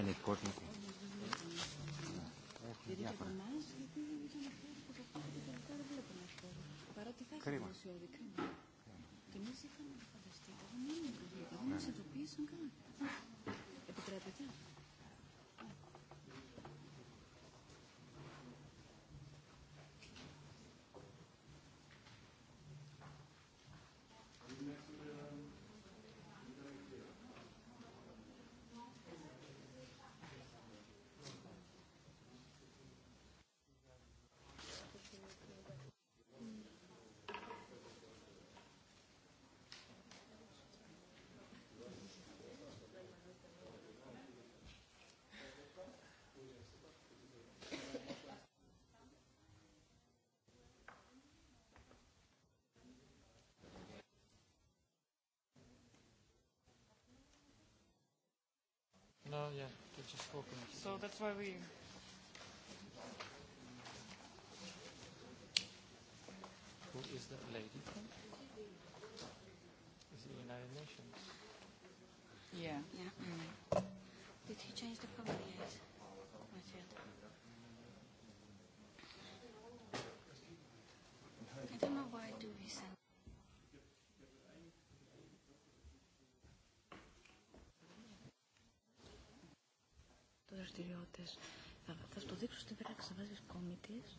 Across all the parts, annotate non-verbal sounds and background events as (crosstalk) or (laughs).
Any important Παρότι θα έχει δημοσιώδη κρίμα. Και εμεί είχαμε φανταστεί. Δεν είναι δουλειά. Δεν μα ειδοποίησαν καν. Επιτρέπετε. which is So that's why we... Who is that lady from? Is it the United Nations? Yeah. Yeah. Mm. Did he change the cover Yes. Not yet. I don't know why do we send δραστηριότητες. Θα, θα στο δείξω στην πράξη, θα βάζεις κόμιτες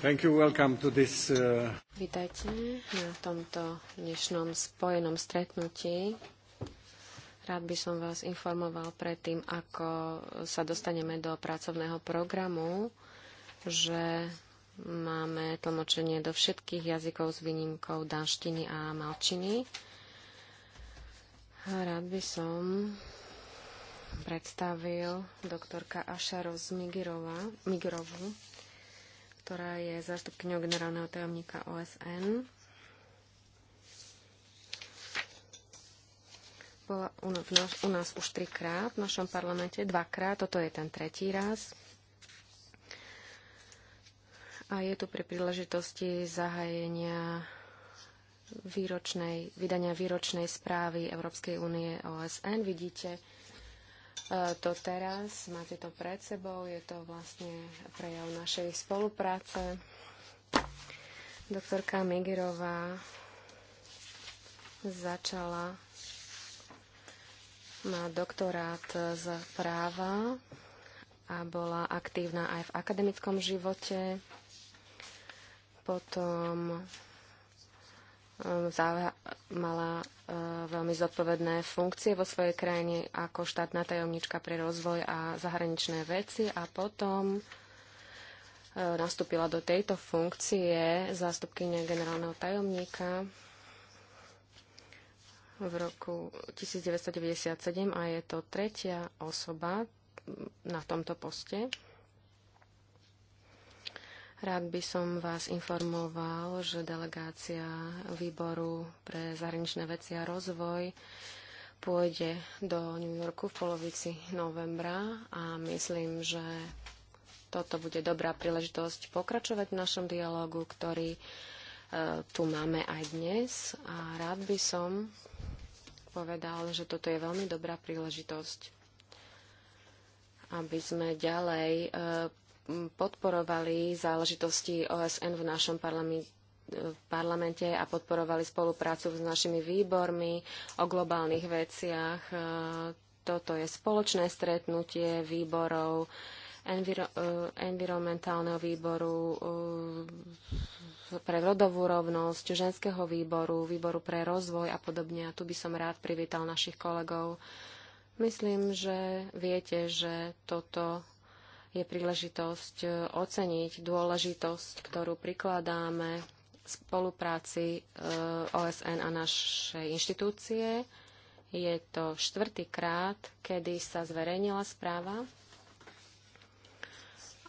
Thank you, welcome to this, uh... Vítajte na tomto dnešnom spojenom stretnutí. Rád by som vás informoval predtým, ako sa dostaneme do pracovného programu, že máme tlmočenie do všetkých jazykov s výnimkou danštiny a malčiny. Rád by som predstavil doktorka Aša Rozmigirova, Migrovu, ktorá je zástupkyňou generálneho tajomníka OSN. Bola u nás, u nás už trikrát v našom parlamente, dvakrát, toto je ten tretí raz. A je tu pri príležitosti zahájenia výročnej, vydania výročnej správy Európskej únie OSN. Vidíte, E, to teraz, máte to pred sebou, je to vlastne prejav našej spolupráce. Doktorka Migirová začala, má doktorát z práva a bola aktívna aj v akademickom živote. Potom Ehm, mala ehm, veľmi zodpovedné funkcie vo svojej krajine ako štátna tajomnička pre rozvoj a zahraničné veci a potom ehm, nastúpila do tejto funkcie zástupkynia generálneho tajomníka v roku 1997 a je to tretia osoba na tomto poste. Rád by som vás informoval, že delegácia výboru pre zahraničné veci a rozvoj pôjde do New Yorku v polovici novembra a myslím, že toto bude dobrá príležitosť pokračovať v našom dialogu, ktorý e, tu máme aj dnes. A rád by som povedal, že toto je veľmi dobrá príležitosť, aby sme ďalej e, podporovali záležitosti OSN v našom parlamente a podporovali spoluprácu s našimi výbormi o globálnych veciach. E, toto je spoločné stretnutie výborov, e, environmentálneho výboru e, pre rodovú rovnosť, ženského výboru, výboru pre rozvoj a podobne. A tu by som rád privítal našich kolegov. Myslím, že viete, že toto je príležitosť e, oceniť dôležitosť, ktorú prikladáme spolupráci e, OSN a našej inštitúcie. Je to štvrtý krát, kedy sa zverejnila správa.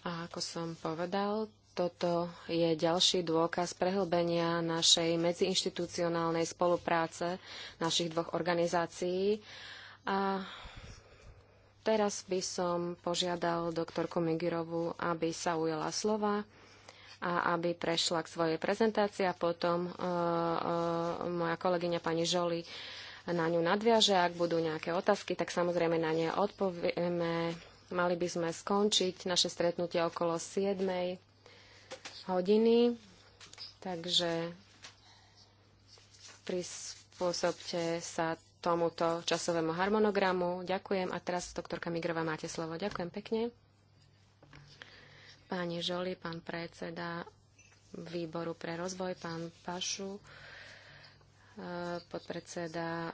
A ako som povedal, toto je ďalší dôkaz prehlbenia našej medziinštitucionálnej spolupráce našich dvoch organizácií. A Teraz by som požiadal doktorku Migirovu, aby sa ujela slova a aby prešla k svojej prezentácii a potom uh, uh, moja kolegyňa pani Žoli na ňu nadviaže. Ak budú nejaké otázky, tak samozrejme na ne odpovieme. Mali by sme skončiť naše stretnutie okolo 7 hodiny, takže prispôsobte sa tomuto časovému harmonogramu. Ďakujem. A teraz, doktorka Migrova máte slovo. Ďakujem pekne. Páni Žoli, pán predseda výboru pre rozvoj, pán Pašu, e, podpredseda e,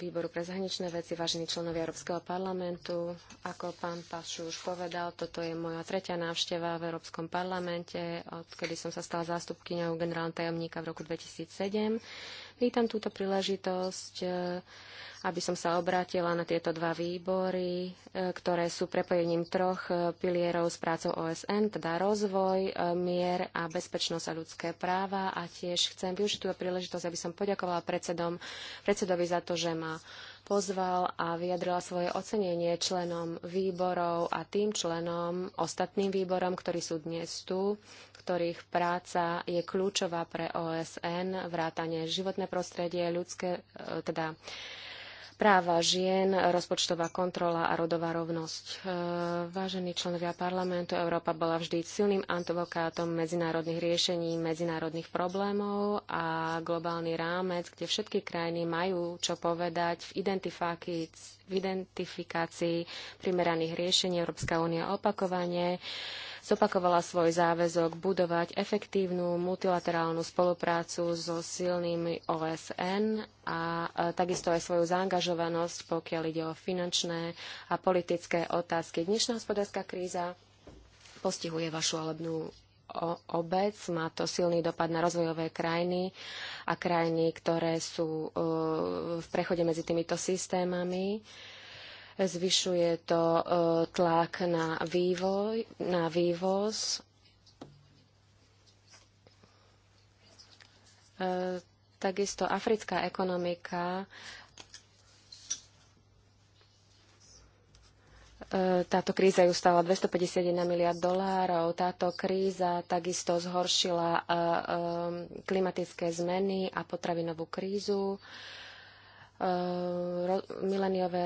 výboru pre zahraničné veci, vážení členovia Európskeho parlamentu. Ako pán Pašu už povedal, toto je moja tretia návšteva v Európskom parlamente, odkedy som sa stala zástupkyňou generálneho tajomníka v roku 2007. Vítam túto príležitosť, e, aby som sa obrátila na tieto dva výbory, e, ktoré sú prepojením troch e, pilierov s prácou OSN, teda rozvoj, mier a bezpečnosť a ľudské práva. A tiež chcem využiť túto príležitosť, aby som poďakovala predsedom, predsedovi za to, že ma pozval a vyjadrila svoje ocenenie členom výborov a tým členom, ostatným výborom, ktorí sú dnes tu, ktorých práca je kľúčová pre OSN, vrátanie životné prostredie, ľudské, e, teda práva žien, rozpočtová kontrola a rodová rovnosť. E, vážení členovia parlamentu, Európa bola vždy silným advokátom medzinárodných riešení, medzinárodných problémov a globálny rámec, kde všetky krajiny majú čo povedať v, identifikácii primeraných riešení. Európska únia opakovane zopakovala svoj záväzok budovať efektívnu multilaterálnu spoluprácu so silnými OSN a e, takisto aj svoju zaangažovanosť, pokiaľ ide o finančné a politické otázky. Dnešná hospodárska kríza postihuje vašu volebnú obec, má to silný dopad na rozvojové krajiny a krajiny, ktoré sú e, v prechode medzi týmito systémami. Uh, Zvyšuje to e, tlak na, vývoj, na vývoz. E, takisto africká ekonomika e, táto kríza ju stála 251 miliard dolárov. Táto kríza takisto zhoršila klimatické zmeny a potravinovú krízu. Ehm, mileniové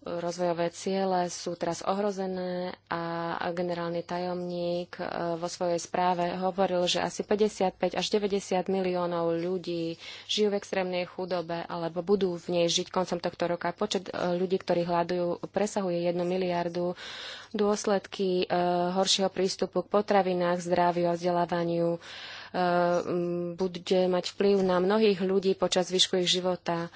rozvojové ciele sú teraz ohrozené a generálny tajomník e, vo svojej správe hovoril, že asi 55 až 90 miliónov ľudí žijú v extrémnej chudobe alebo budú v nej žiť koncom tohto roka. Počet e, ľudí, ktorí hľadujú, presahuje 1 miliardu. Dôsledky e, horšieho prístupu k potravinách, zdraviu a vzdelávaniu bude mať vplyv na mnohých ľudí počas výšku ich života.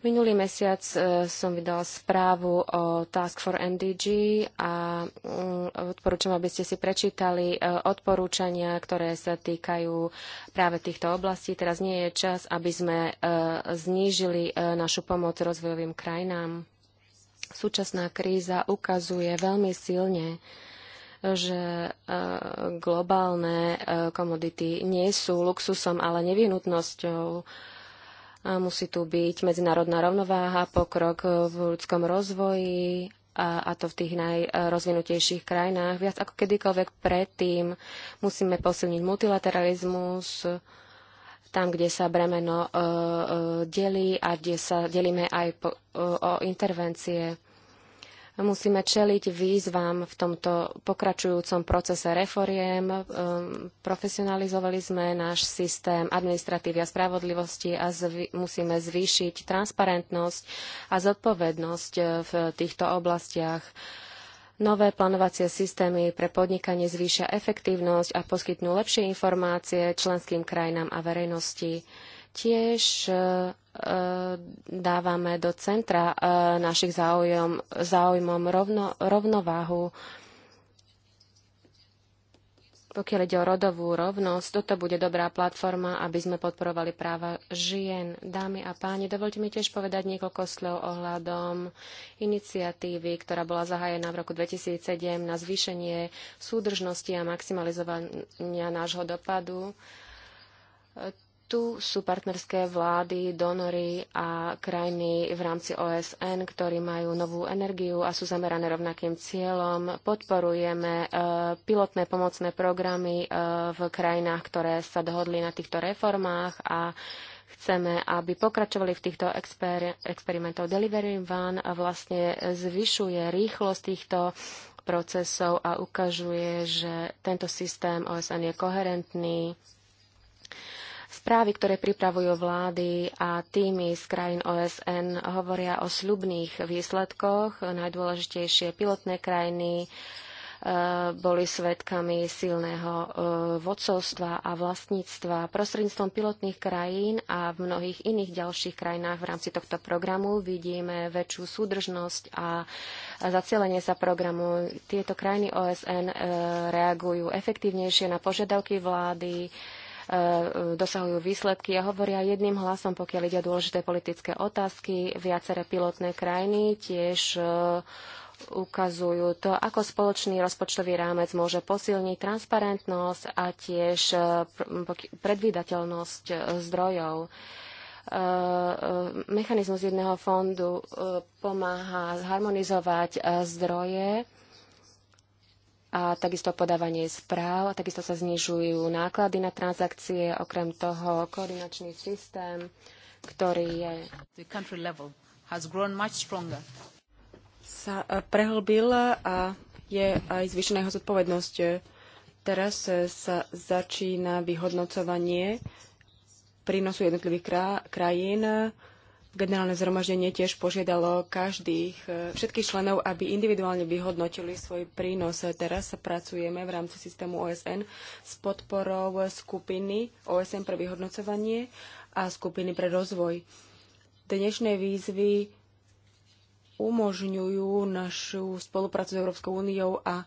Minulý mesiac e, som vydal správu o Task for NDG a mm, odporúčam, aby ste si prečítali e, odporúčania, ktoré sa týkajú práve týchto oblastí. Teraz nie je čas, aby sme e, znížili našu pomoc rozvojovým krajinám. Súčasná kríza ukazuje veľmi silne, že globálne komodity nie sú luxusom, ale nevyhnutnosťou a musí tu byť medzinárodná rovnováha, pokrok v ľudskom rozvoji a, to v tých najrozvinutejších krajinách. Viac ako kedykoľvek predtým musíme posilniť multilateralizmus tam, kde sa bremeno e, e, delí a kde sa delíme aj po, e, o intervencie musíme čeliť výzvam v tomto pokračujúcom procese reforiem. Profesionalizovali sme náš systém administratívy a spravodlivosti a zvý, musíme zvýšiť transparentnosť a zodpovednosť e, v týchto oblastiach. Nové plánovacie systémy pre podnikanie zvýšia efektívnosť a poskytnú lepšie informácie členským krajinám a verejnosti. Tiež e, e, dávame do centra e, našich záujom, záujmom rovno, rovnováhu pokiaľ ide o rodovú rovnosť, toto bude dobrá platforma, aby sme podporovali práva žien. Dámy a páni, dovolte mi tiež povedať niekoľko slov ohľadom iniciatívy, ktorá bola zahájená v roku 2007 na zvýšenie súdržnosti a maximalizovania nášho dopadu. Tu sú partnerské vlády, donory a krajiny v rámci OSN, ktorí majú novú energiu a sú zamerané rovnakým cieľom. Podporujeme e, pilotné pomocné programy e, v krajinách, ktoré sa dohodli na týchto reformách a chceme, aby pokračovali v týchto exper- experimentov. Delivery one vlastne zvyšuje rýchlosť týchto procesov a ukazuje, že tento systém OSN je koherentný Správy, ktoré pripravujú vlády a týmy z krajín OSN hovoria o sľubných výsledkoch. Najdôležitejšie pilotné krajiny e, boli svetkami silného e, vodcovstva a vlastníctva prostredníctvom pilotných krajín a v mnohých iných ďalších krajinách v rámci tohto programu vidíme väčšiu súdržnosť a zacielenie sa programu. Tieto krajiny OSN e, reagujú efektívnejšie na požiadavky vlády, E, dosahujú výsledky a hovoria jedným hlasom, pokiaľ ide o dôležité politické otázky. Viaceré pilotné krajiny tiež e, ukazujú to, ako spoločný rozpočtový rámec môže posilniť transparentnosť a tiež e, predvídateľnosť zdrojov. Mechanizmus jedného fondu pomáha zharmonizovať zdroje a takisto podávanie správ, a takisto sa znižujú náklady na transakcie, okrem toho koordinačný systém, ktorý je sa e, prehlbil a je aj zvýšená jeho zodpovednosť. Teraz e, sa začína vyhodnocovanie prínosu jednotlivých krajín Generálne zhromaždenie tiež požiadalo každých, e, všetkých členov, aby individuálne vyhodnotili svoj prínos. Teraz pracujeme v rámci systému OSN s podporou skupiny OSN pre vyhodnocovanie a skupiny pre rozvoj. Dnešné výzvy umožňujú našu spoluprácu s Európskou úniou a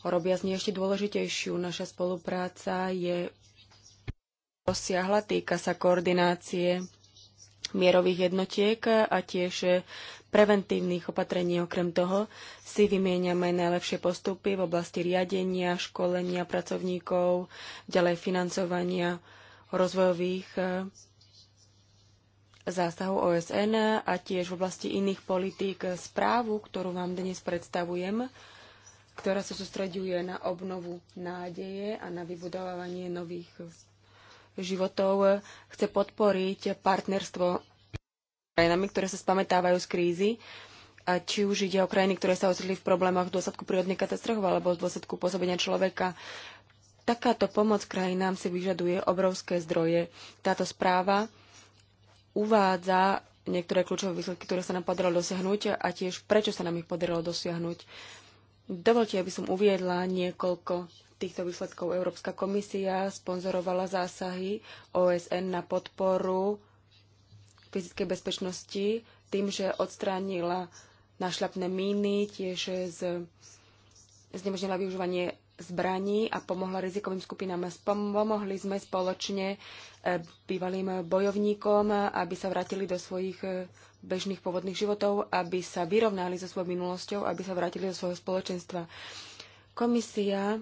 robia z nej ešte dôležitejšiu. Naša spolupráca je rozsiahla, týka sa koordinácie mierových jednotiek a tiež preventívnych opatrení. Okrem toho si vymieňame najlepšie postupy v oblasti riadenia, školenia pracovníkov, ďalej financovania rozvojových eh, zásahov OSN a tiež v oblasti iných politík správu, ktorú vám dnes predstavujem, ktorá sa sústreďuje na obnovu nádeje a na vybudovávanie nových životov e, chce podporiť partnerstvo krajinami, ktoré sa spametávajú z krízy, a či už ide o krajiny, ktoré sa ocitli v problémoch v dôsledku prírodnej katastrofy alebo v dôsledku pôsobenia človeka. Takáto pomoc krajinám si vyžaduje obrovské zdroje. Táto správa uvádza niektoré kľúčové výsledky, ktoré sa nám podarilo dosiahnuť a tiež prečo sa nám ich podarilo dosiahnuť. Dovolte, aby som uviedla niekoľko týchto výsledkov Európska komisia sponzorovala zásahy OSN na podporu fyzickej bezpečnosti tým, že odstránila našľapné míny, tiež z, znemožnila využívanie zbraní a pomohla rizikovým skupinám. Pomohli sme spoločne e, bývalým bojovníkom, aby sa vrátili do svojich e, bežných pôvodných životov, aby sa vyrovnali so svojou minulosťou, aby sa vrátili do svojho spoločenstva. Komisia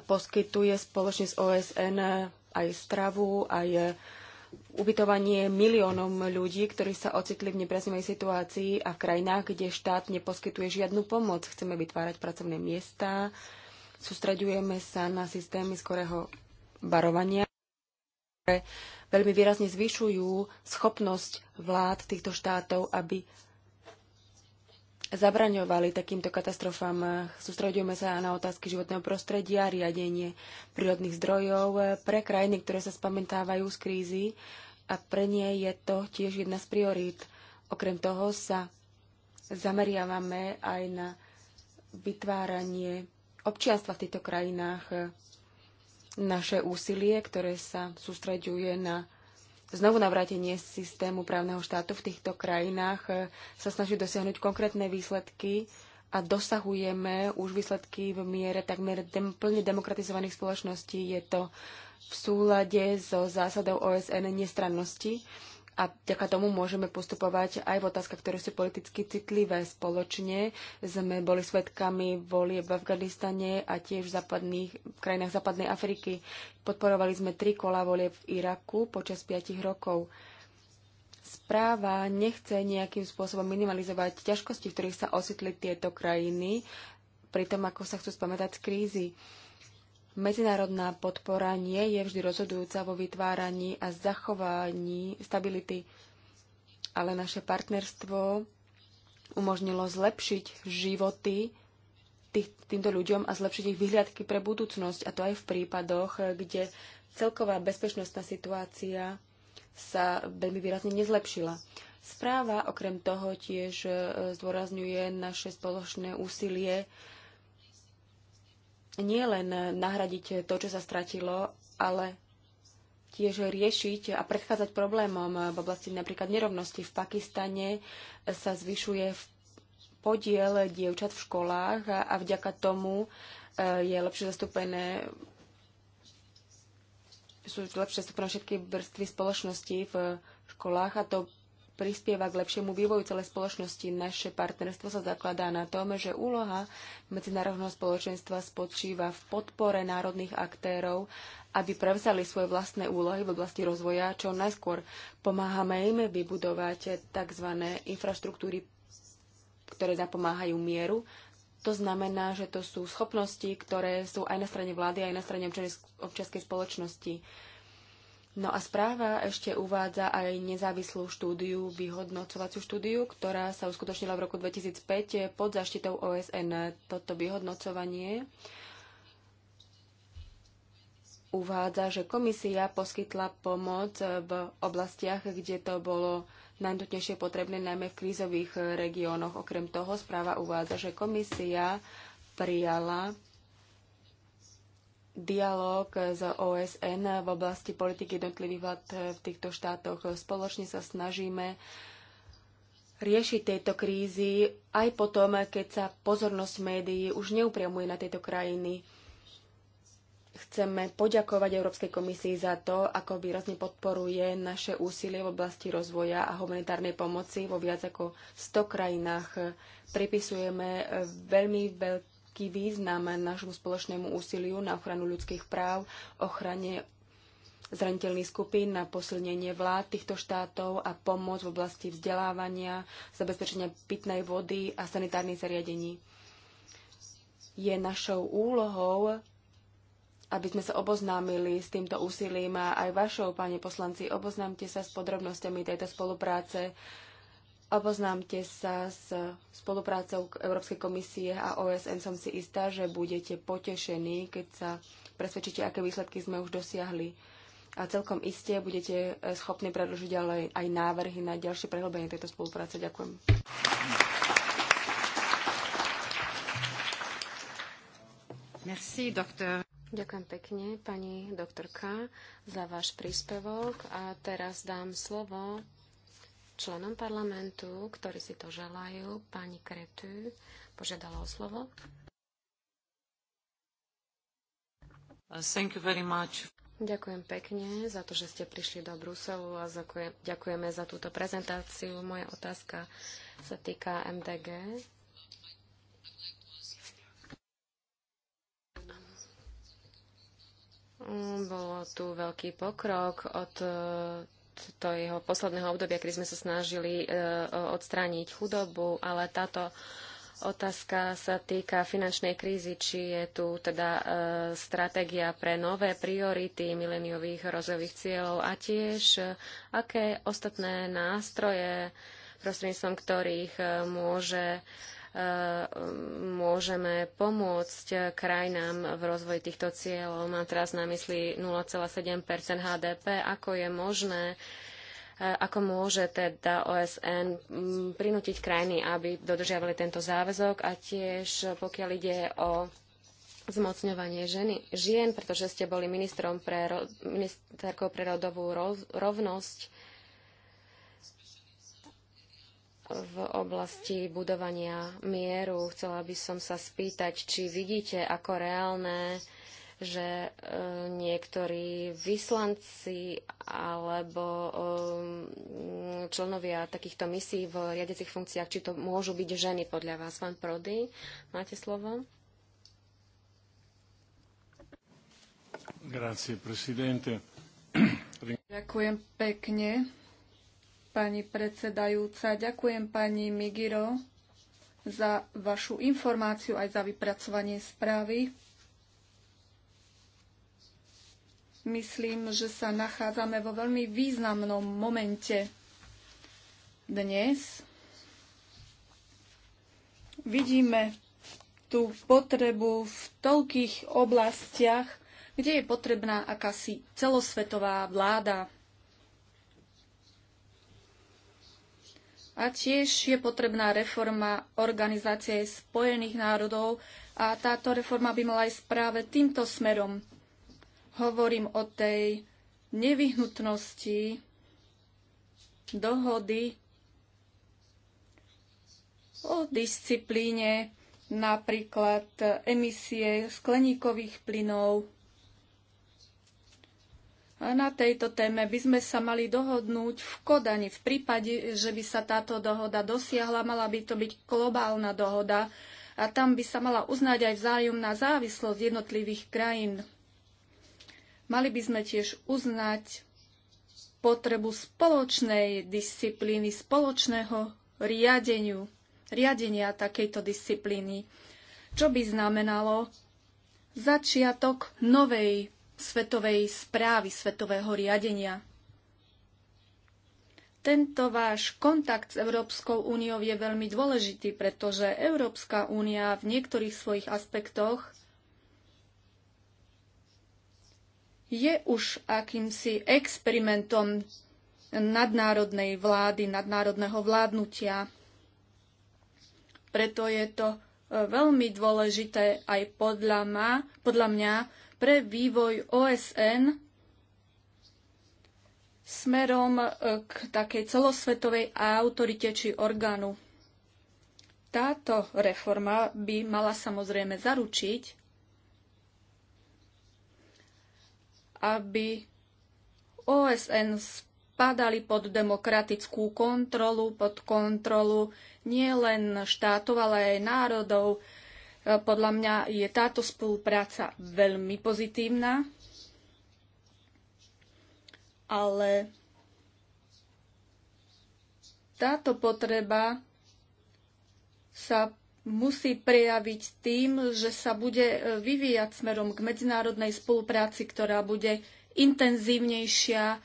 poskytuje spoločne s OSN aj stravu, aj e, ubytovanie miliónom ľudí, ktorí sa ocitli v nepriaznivej situácii a v krajinách, kde štát neposkytuje žiadnu pomoc. Chceme vytvárať pracovné miesta, sústreďujeme sa na systémy skorého varovania, ktoré veľmi výrazne zvyšujú schopnosť vlád týchto štátov, aby zabraňovali takýmto katastrofám. Sústredujeme sa na otázky životného prostredia, riadenie prírodných zdrojov pre krajiny, ktoré sa spamätávajú z krízy a pre nie je to tiež jedna z priorít. Okrem toho sa zameriavame aj na vytváranie občianstva v týchto krajinách. Naše úsilie, ktoré sa sústreďuje na znovu navrátenie systému právneho štátu v týchto krajinách e, sa snaží dosiahnuť konkrétne výsledky a dosahujeme už výsledky v miere takmer dem, plne demokratizovaných spoločností. Je to v súlade so zásadou OSN nestrannosti a vďaka tomu môžeme postupovať aj v otázkach, ktoré sú politicky citlivé. Spoločne sme boli svetkami volieb v Afganistane a tiež v, západných, v krajinách západnej Afriky. Podporovali sme tri kola volie v Iraku počas piatich rokov. Správa nechce nejakým spôsobom minimalizovať ťažkosti, v ktorých sa ositli tieto krajiny, pri tom, ako sa chcú spamätať z krízy medzinárodná podpora nie je vždy rozhodujúca vo vytváraní a zachovaní stability, ale naše partnerstvo umožnilo zlepšiť životy tých, týmto ľuďom a zlepšiť ich vyhliadky pre budúcnosť. A to aj v prípadoch, kde celková bezpečnostná situácia sa veľmi výrazne nezlepšila. Správa okrem toho tiež e, zdôrazňuje naše spoločné úsilie nie len nahradiť to, čo sa stratilo, ale tiež riešiť a predchádzať problémom v oblasti napríklad nerovnosti. V Pakistane sa zvyšuje podiel dievčat v školách a vďaka tomu e, je lepšie zastúpené sú lepšie zastúpené všetky vrstvy spoločnosti v školách a to prispieva k lepšiemu vývoju celej spoločnosti. Naše partnerstvo sa zakladá na tom, že úloha medzinárodného spoločenstva spočíva v podpore národných aktérov, aby prevzali svoje vlastné úlohy v oblasti rozvoja čo najskôr. Pomáhame im vybudovať tzv. infraštruktúry, ktoré napomáhajú mieru. To znamená, že to sú schopnosti, ktoré sú aj na strane vlády, aj na strane občianskej spoločnosti No a správa ešte uvádza aj nezávislú štúdiu, vyhodnocovaciu štúdiu, ktorá sa uskutočnila v roku 2005 pod zaštitou OSN. Toto vyhodnocovanie uvádza, že komisia poskytla pomoc v oblastiach, kde to bolo najnutnejšie potrebné, najmä v krízových regiónoch. Okrem toho správa uvádza, že komisia prijala dialog z OSN v oblasti politiky jednotlivých vlád v týchto štátoch. Spoločne sa snažíme riešiť tieto krízy aj potom, keď sa pozornosť médií už neupriamuje na tieto krajiny. Chceme poďakovať Európskej komisii za to, ako výrazne podporuje naše úsilie v oblasti rozvoja a humanitárnej pomoci vo viac ako 100 krajinách. Pripisujeme veľmi veľký veľký význam nášmu spoločnému úsiliu na ochranu ľudských práv, ochrane zraniteľných skupín, na posilnenie vlád týchto štátov a pomoc v oblasti vzdelávania, zabezpečenia pitnej vody a sanitárnych zariadení. Je našou úlohou, aby sme sa oboznámili s týmto úsilím a aj vašou, páni poslanci, oboznámte sa s podrobnosťami tejto spolupráce Oboznámte sa s spoluprácou Európskej komisie a OSN. Som si istá, že budete potešení, keď sa presvedčíte, aké výsledky sme už dosiahli. A celkom iste budete eh, schopní predložiť ďalej aj návrhy na ďalšie prehlbenie tejto spolupráce. Ďakujem. Merci, doktor. Ďakujem pekne, pani doktorka, za váš príspevok. A teraz dám slovo členom parlamentu, ktorí si to želajú. Pani Kretu požiadala o slovo. Thank you very much. Ďakujem pekne za to, že ste prišli do Bruselu a ďakujeme za túto prezentáciu. Moja otázka sa týka MDG. Bolo tu veľký pokrok od toho jeho posledného obdobia, kedy sme sa snažili e, odstrániť chudobu, ale táto otázka sa týka finančnej krízy, či je tu teda e, stratégia pre nové priority mileniových rozvojových cieľov a tiež e, aké ostatné nástroje prostredníctvom ktorých môže E, môžeme pomôcť krajinám v rozvoji týchto cieľov. Mám teraz na mysli 0,7 HDP. Ako je možné, e, ako môže teda OSN prinútiť krajiny, aby dodržiavali tento záväzok a tiež pokiaľ ide o zmocňovanie ženy, žien, pretože ste boli ministrom pre, ministerkou pre rodovú rovnosť v oblasti budovania mieru. Chcela by som sa spýtať, či vidíte ako reálne, že e, niektorí vyslanci alebo e, členovia takýchto misí v riadecich funkciách, či to môžu byť ženy podľa vás. Pán Prody, máte slovo? Grazie, presidente. Ďakujem pekne pani predsedajúca. Ďakujem pani Migiro za vašu informáciu aj za vypracovanie správy. Myslím, že sa nachádzame vo veľmi významnom momente dnes. Vidíme tú potrebu v toľkých oblastiach, kde je potrebná akási celosvetová vláda A tiež je potrebná reforma Organizácie spojených národov a táto reforma by mala ísť práve týmto smerom. Hovorím o tej nevyhnutnosti dohody o disciplíne napríklad emisie skleníkových plynov na tejto téme by sme sa mali dohodnúť v Kodani. V prípade, že by sa táto dohoda dosiahla, mala by to byť globálna dohoda a tam by sa mala uznať aj vzájomná závislosť jednotlivých krajín. Mali by sme tiež uznať potrebu spoločnej disciplíny, spoločného riadeniu, riadenia takejto disciplíny, čo by znamenalo začiatok novej svetovej správy, svetového riadenia. Tento váš kontakt s Európskou úniou je veľmi dôležitý, pretože Európska únia v niektorých svojich aspektoch je už akýmsi experimentom nadnárodnej vlády, nadnárodného vládnutia. Preto je to e, veľmi dôležité aj podľa, ma, podľa mňa pre vývoj OSN smerom e, k takej celosvetovej autorite či orgánu. Táto reforma by mala samozrejme zaručiť, aby OSN spadali pod demokratickú kontrolu, pod kontrolu nielen štátov, ale aj národov, E, podľa mňa je táto spolupráca veľmi pozitívna, ale táto potreba sa musí prejaviť tým, že sa bude e, vyvíjať smerom k medzinárodnej spolupráci, ktorá bude intenzívnejšia,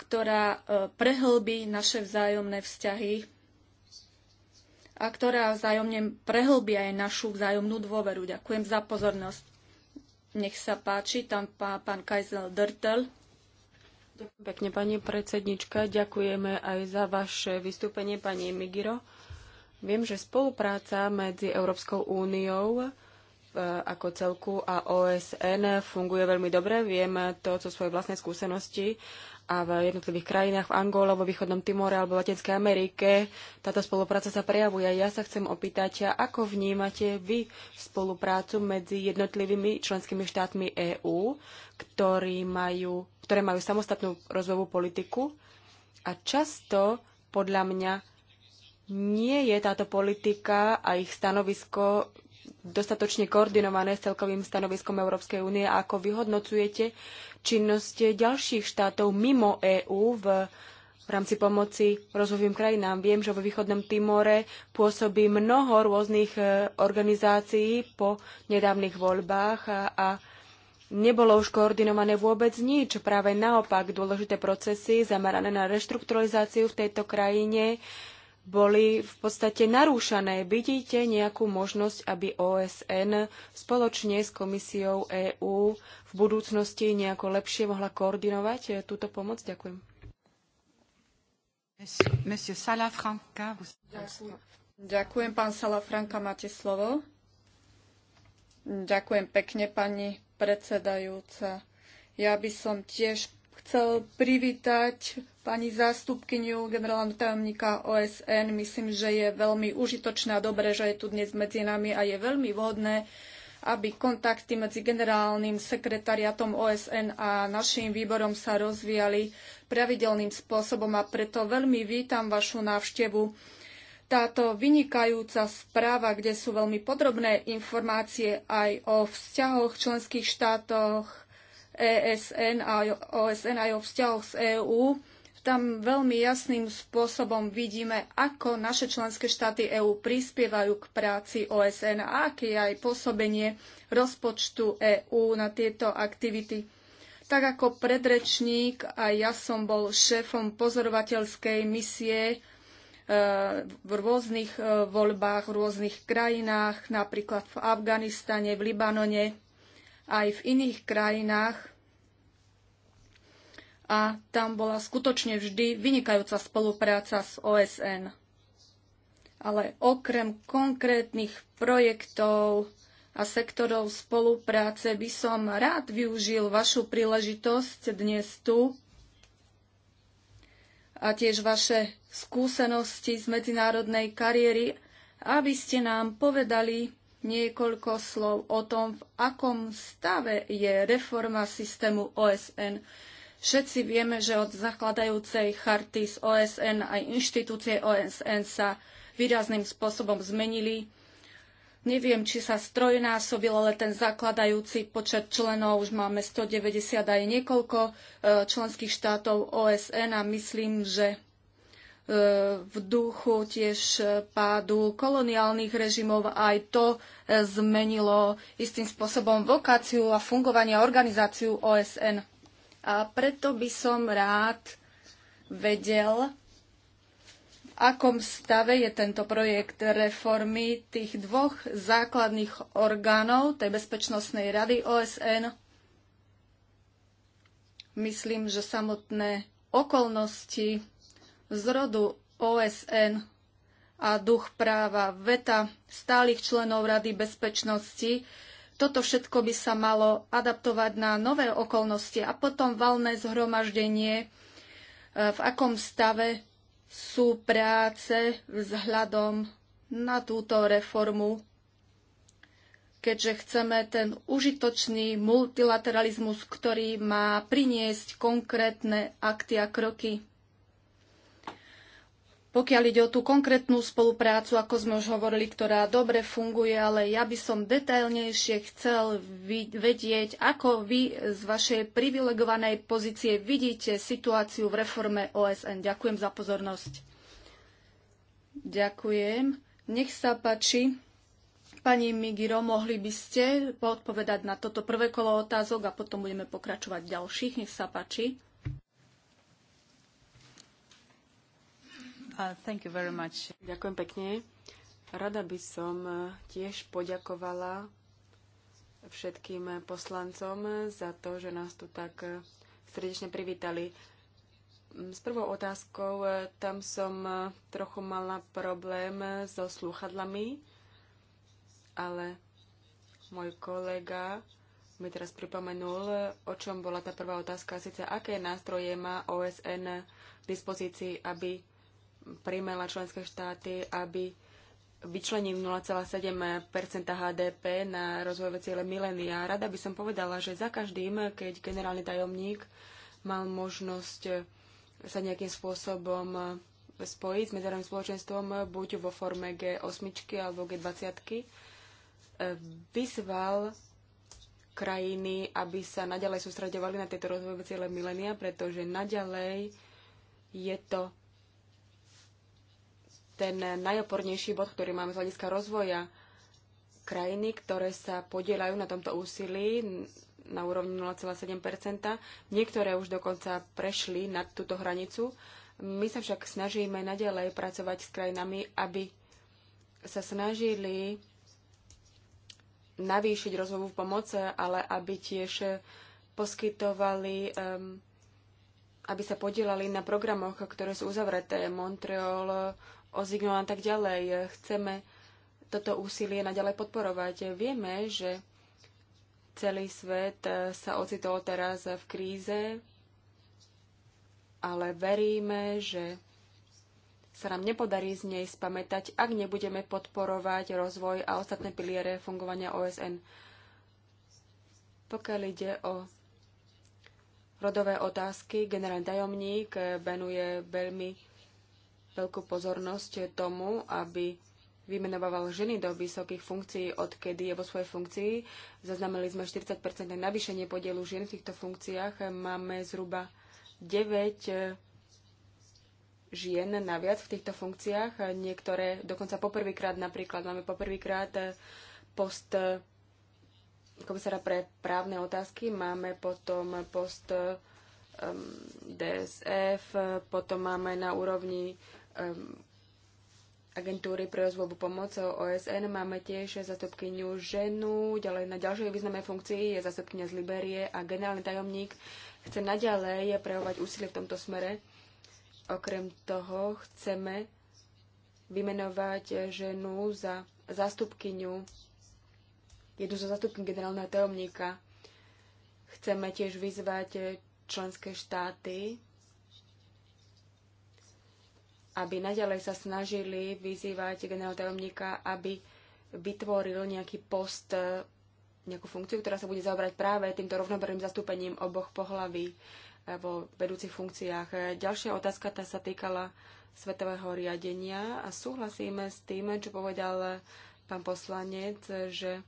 ktorá e, prehlbí naše vzájomné vzťahy a ktorá vzájomne prehlbia aj našu vzájomnú dôveru. Ďakujem za pozornosť. Nech sa páči, tam pá, pán Kajzel Drtel. Ďakujem pekne, pani predsednička. Ďakujeme aj za vaše vystúpenie, pani Migiro. Viem, že spolupráca medzi Európskou úniou E, ako celku a OSN funguje veľmi dobre. Viem to co svoje vlastné skúsenosti a v jednotlivých krajinách, v Angole, vo východnom Timore alebo v Latinskej Amerike. Táto spolupráca sa prejavuje. Ja sa chcem opýtať, ako vnímate vy spoluprácu medzi jednotlivými členskými štátmi EÚ, majú, ktoré majú samostatnú rozvojovú politiku a často podľa mňa nie je táto politika a ich stanovisko dostatočne koordinované s celkovým stanoviskom Európskej únie a ako vyhodnocujete činnosť ďalších štátov mimo EÚ v v rámci pomoci rozvojovým krajinám. Viem, že vo východnom Timore pôsobí mnoho rôznych e, organizácií po nedávnych voľbách a, a nebolo už koordinované vôbec nič. Práve naopak dôležité procesy zamerané na reštrukturalizáciu v tejto krajine boli v podstate narúšané. Vidíte nejakú možnosť, aby OSN spoločne s komisiou EÚ v budúcnosti nejako lepšie mohla koordinovať eh, túto pomoc? Ďakujem. Monsieur Salafranca. Ďakujem. Ďakujem, pán Salafranca, máte slovo. Ďakujem pekne, pani predsedajúca. Ja by som tiež chcel privítať pani zástupkyňu generálneho tajomníka OSN. Myslím, že je veľmi užitočné a dobré, že je tu dnes medzi nami a je veľmi vhodné, aby kontakty medzi generálnym sekretariatom OSN a našim výborom sa rozvíjali pravidelným spôsobom a preto veľmi vítam vašu návštevu. Táto vynikajúca správa, kde sú veľmi podrobné informácie aj o vzťahoch členských štátoch ESN a OSN aj o vzťahoch s EÚ. Tam veľmi jasným spôsobom vidíme, ako naše členské štáty EÚ prispievajú k práci OSN a aké je aj pôsobenie rozpočtu EÚ na tieto aktivity. Tak ako predrečník, a ja som bol šéfom pozorovateľskej misie e, v rôznych e, voľbách, v rôznych krajinách, napríklad v Afganistane, v Libanone, aj v iných krajinách a tam bola skutočne vždy vynikajúca spolupráca s OSN. Ale okrem konkrétnych projektov a sektorov spolupráce by som rád využil vašu príležitosť dnes tu a tiež vaše skúsenosti z medzinárodnej kariéry, aby ste nám povedali, niekoľko slov o tom, v akom stave je reforma systému OSN. Všetci vieme, že od zakladajúcej charty z OSN aj inštitúcie OSN sa výrazným spôsobom zmenili. Neviem, či sa strojnásobil, ale ten zakladajúci počet členov už máme 190 aj niekoľko eh, členských štátov OSN a myslím, že E, v duchu tiež pádu koloniálnych režimov. Aj to e, zmenilo istým spôsobom vokáciu a fungovanie organizáciu OSN. A preto by som rád vedel, v akom stave je tento projekt reformy tých dvoch základných orgánov, tej Bezpečnostnej rady OSN. Myslím, že samotné okolnosti zrodu OSN a duch práva VETA stálych členov Rady bezpečnosti. Toto všetko by sa malo adaptovať na nové okolnosti a potom valné zhromaždenie, e, v akom stave sú práce vzhľadom na túto reformu, keďže chceme ten užitočný multilateralizmus, ktorý má priniesť konkrétne akty a kroky pokiaľ ide o tú konkrétnu spoluprácu, ako sme už hovorili, ktorá dobre funguje, ale ja by som detailnejšie chcel vedieť, ako vy z vašej privilegovanej pozície vidíte situáciu v reforme OSN. Ďakujem za pozornosť. Ďakujem. Nech sa páči. Pani Migiro, mohli by ste odpovedať na toto prvé kolo otázok a potom budeme pokračovať ďalších. Nech sa páči. Uh, Ďakujem pekne. Rada by som uh, tiež poďakovala všetkým poslancom za to, že nás tu tak uh, srdečne privítali. Mm, s prvou otázkou tam som trochu mala problém so slúchadlami, ale môj kolega mi teraz pripomenul, o čom bola tá prvá otázka, síce aké nástroje má OSN k dispozícii, aby primela členské štáty, aby vyčlením 0,7 HDP na rozvojové ciele milénia. Rada by som povedala, že za každým, keď generálny tajomník mal možnosť sa nejakým spôsobom spojiť s medzinárodným spoločenstvom, buď vo forme G8 alebo G20, vyzval krajiny, aby sa naďalej sústredovali na tieto rozvojové ciele milénia, pretože naďalej je to ten najopornejší bod, ktorý máme z hľadiska rozvoja krajiny, ktoré sa podielajú na tomto úsilí na úrovni 0,7 Niektoré už dokonca prešli nad túto hranicu. My sa však snažíme naďalej pracovať s krajinami, aby sa snažili navýšiť rozvojovú pomoc, ale aby tiež poskytovali, aby sa podielali na programoch, ktoré sú uzavreté. Montreal, Ozignon a tak ďalej. Chceme toto úsilie naďalej podporovať. Vieme, že celý svet sa ocitol teraz v kríze, ale veríme, že sa nám nepodarí z nej spamätať, ak nebudeme podporovať rozvoj a ostatné piliere fungovania OSN. Pokiaľ ide o rodové otázky, generálny tajomník venuje veľmi veľkú pozornosť tomu, aby vymenovával ženy do vysokých funkcií, odkedy je vo svojej funkcii. Zaznamenali sme 40 navýšenie podielu žien v týchto funkciách. Máme zhruba 9 e, žien naviac v týchto funkciách. Niektoré dokonca poprvýkrát napríklad. Máme poprvýkrát e, post e, komisára pre právne otázky, máme potom post DSF, potom máme na úrovni Um, agentúry pre rozvoľbu pomocou OSN. Máme tiež zastupkyniu ženu, ďalej na ďalšej významnej funkcii je zastupkynia z Liberie a generálny tajomník chce naďalej prejavovať úsilie v tomto smere. Okrem toho chceme vymenovať ženu za zastupkyňu, jednu zo zastupkyn generálneho tajomníka. Chceme tiež vyzvať členské štáty aby naďalej sa snažili vyzývať generálneho tajomníka, aby vytvoril nejaký post, e, nejakú funkciu, ktorá sa bude zaoberať práve týmto rovnoberným zastúpením oboch pohlaví e, vo vedúcich funkciách. E, ďalšia otázka tá sa týkala svetového riadenia a súhlasíme s tým, čo povedal pán poslanec, že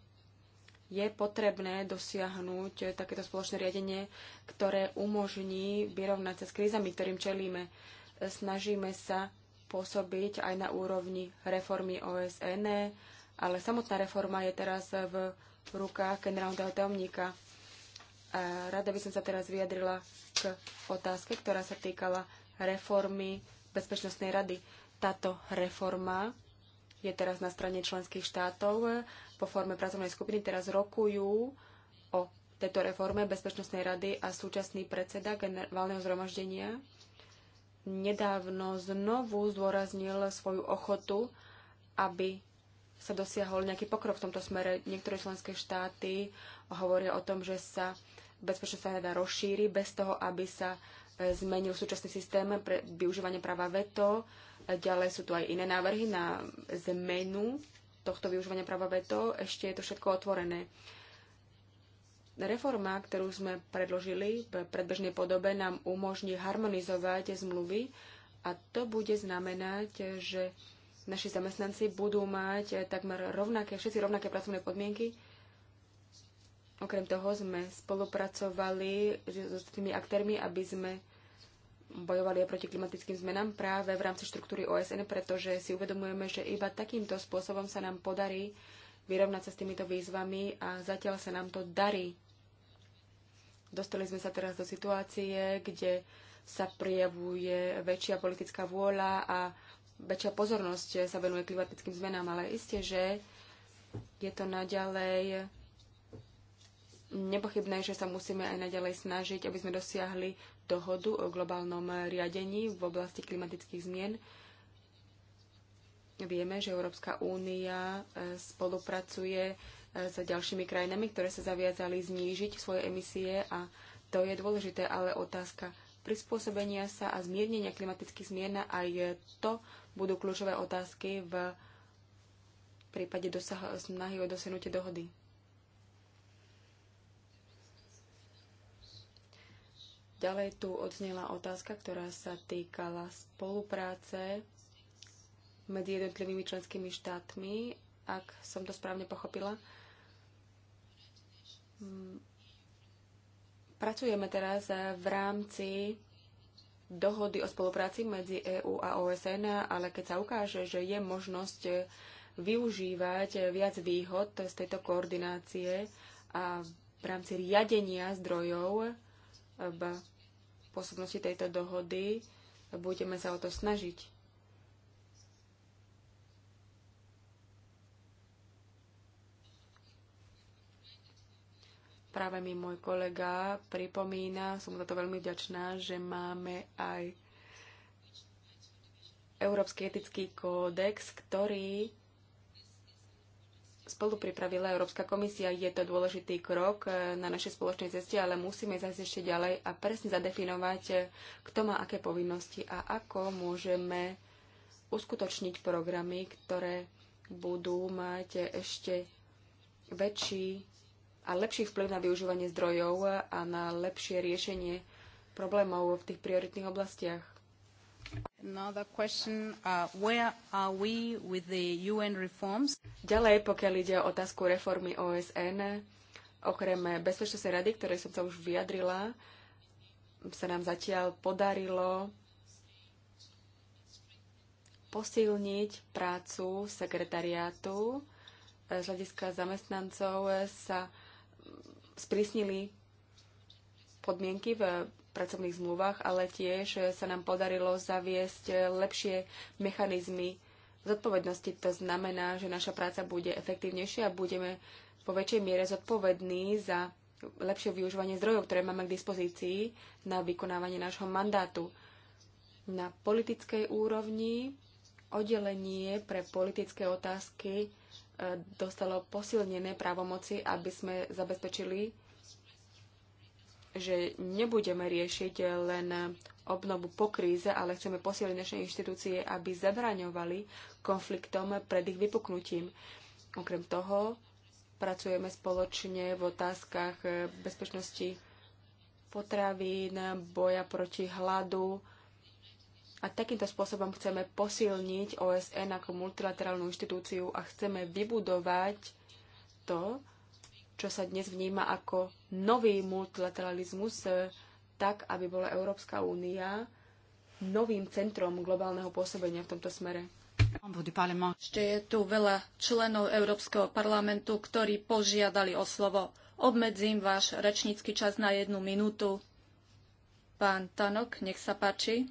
je potrebné dosiahnuť takéto spoločné riadenie, ktoré umožní vyrovnať sa s krízami, ktorým čelíme. Snažíme sa pôsobiť aj na úrovni reformy OSN, ale samotná reforma je teraz v rukách generálneho tajomníka. Rada by som sa teraz vyjadrila k otázke, ktorá sa týkala reformy Bezpečnostnej rady. Táto reforma je teraz na strane členských štátov. Po forme pracovnej skupiny teraz rokujú o tejto reforme Bezpečnostnej rady a súčasný predseda generálneho zhromaždenia nedávno znovu zdôraznil svoju ochotu, aby sa dosiahol nejaký pokrok v tomto smere. Niektoré členské štáty hovoria o tom, že sa bezpečnostná rada rozšíri bez toho, aby sa e, zmenil súčasný systém pre využívanie práva veto. E, Ďalej sú tu aj iné návrhy na zmenu tohto využívania práva veto. Ešte je to všetko otvorené. Reforma, ktorú sme predložili v predbežnej podobe, nám umožní harmonizovať zmluvy a to bude znamenať, že naši zamestnanci budú mať takmer rovnaké, všetci rovnaké pracovné podmienky. Okrem toho sme spolupracovali s ostatnými aktérmi, aby sme bojovali aj proti klimatickým zmenám práve v rámci štruktúry OSN, pretože si uvedomujeme, že iba takýmto spôsobom sa nám podarí vyrovnať sa s týmito výzvami a zatiaľ sa nám to darí. Dostali sme sa teraz do situácie, kde sa prijavuje väčšia politická vôľa a väčšia pozornosť sa venuje klimatickým zmenám, ale isté, že je to naďalej nepochybné, že sa musíme aj naďalej snažiť, aby sme dosiahli dohodu o globálnom riadení v oblasti klimatických zmien. Vieme, že Európska únia eh, spolupracuje s ďalšími krajinami, ktoré sa zaviazali znížiť svoje emisie a to je dôležité, ale otázka prispôsobenia sa a zmiernenia klimatických zmien aj to budú kľúčové otázky v prípade dosah- snahy o dosiahnutie dohody. Ďalej tu odznela otázka, ktorá sa týkala spolupráce medzi jednotlivými členskými štátmi, ak som to správne pochopila. Pracujeme teraz v rámci dohody o spolupráci medzi EÚ a OSN, ale keď sa ukáže, že je možnosť využívať viac výhod z tejto koordinácie a v rámci riadenia zdrojov v pôsobnosti tejto dohody, budeme sa o to snažiť. Práve mi môj kolega pripomína, som za to veľmi vďačná, že máme aj Európsky etický kódex, ktorý spolu pripravila Európska komisia. Je to dôležitý krok eh, na našej spoločnej ceste, ale musíme zase ešte ďalej a presne zadefinovať, eh, kto má aké povinnosti a ako môžeme uskutočniť programy, ktoré budú mať eh, ešte väčší a lepší vplyv na využívanie zdrojov a na lepšie riešenie problémov v tých prioritných oblastiach. Uh, Ďalej, pokiaľ ide o otázku reformy OSN, okrem Bezpečnostnej rady, ktorej som sa už vyjadrila, sa nám zatiaľ podarilo posilniť prácu sekretariátu z hľadiska zamestnancov sa sprísnili podmienky v pracovných zmluvách, ale tiež sa nám podarilo zaviesť lepšie mechanizmy zodpovednosti. To znamená, že naša práca bude efektívnejšia a budeme po väčšej miere zodpovední za lepšie využívanie zdrojov, ktoré máme k dispozícii na vykonávanie nášho mandátu. Na politickej úrovni oddelenie pre politické otázky dostalo posilnené právomoci, aby sme zabezpečili, že nebudeme riešiť len obnovu po kríze, ale chceme posilniť naše inštitúcie, aby zabraňovali konfliktom pred ich vypuknutím. Okrem toho pracujeme spoločne v otázkach bezpečnosti potravín, boja proti hladu, a takýmto spôsobom chceme posilniť OSN ako multilaterálnu inštitúciu a chceme vybudovať to, čo sa dnes vníma ako nový multilateralizmus, eh, tak, aby bola Európska únia novým centrom globálneho pôsobenia v tomto smere. Ešte je tu veľa členov Európskeho parlamentu, ktorí požiadali o slovo. Obmedzím váš rečnícky čas na jednu minútu. Pán Tanok, nech sa páči.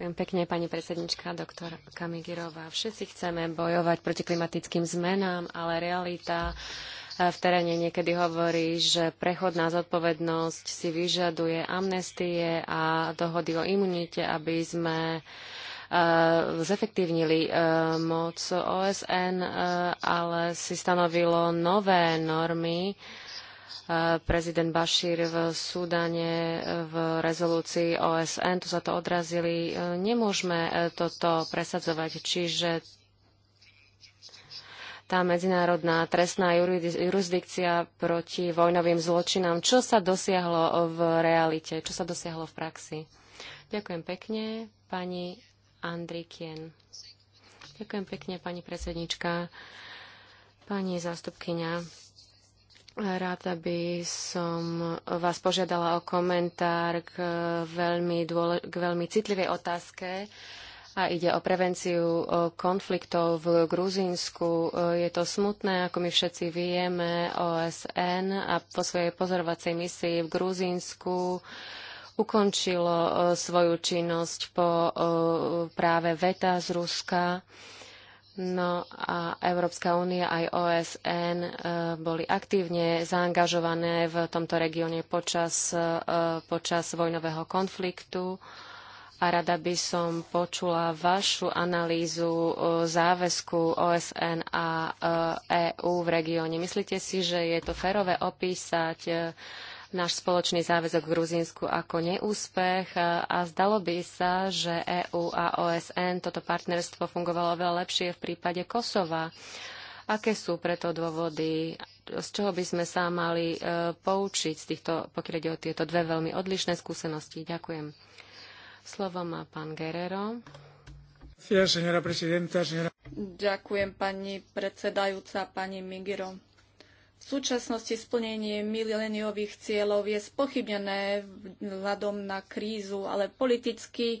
Ďakujem pekne, pani predsednička, doktor Kamigirová. Všetci chceme bojovať proti klimatickým zmenám, ale realita e, v teréne niekedy hovorí, že prechodná zodpovednosť si vyžaduje amnestie a dohody o imunite, aby sme e, zefektívnili e, moc OSN, ale si stanovilo nové normy, Eh, prezident Bašír v Súdane eh, v rezolúcii OSN, tu sa to odrazili. Eh, nemôžeme toto presadzovať, čiže tá medzinárodná trestná jurisdikcia proti vojnovým zločinám. Čo sa dosiahlo v realite? Čo sa dosiahlo v praxi? Ďakujem pekne, pani Andrikien. Ďakujem pekne, pani predsednička, pani zástupkyňa Ráda by som vás požiadala o komentár k veľmi, dôle- k veľmi citlivej otázke a ide o prevenciu konfliktov v Gruzínsku. Je to smutné, ako my všetci vieme, OSN a po svojej pozorovacej misii v Gruzínsku ukončilo e, svoju činnosť po e, práve veta z Ruska No a Európska únia aj OSN e, boli aktívne zaangažované v tomto regióne počas, e, počas vojnového konfliktu a rada by som počula vašu analýzu e, záväzku OSN a EÚ v regióne. Myslíte si, že je to férové opísať náš spoločný záväzok v Gruzínsku ako neúspech a zdalo by sa, že EÚ a OSN toto partnerstvo fungovalo oveľa lepšie v prípade Kosova. Aké sú preto dôvody? Z čoho by sme sa mali e, poučiť z týchto, pokiaľ ide o tieto dve veľmi odlišné skúsenosti? Ďakujem. Slovo má pán Guerrero. Ďakujem pani predsedajúca, pani Migiro. V súčasnosti splnenie mileniových cieľov je spochybnené vzhľadom na krízu, ale politicky e,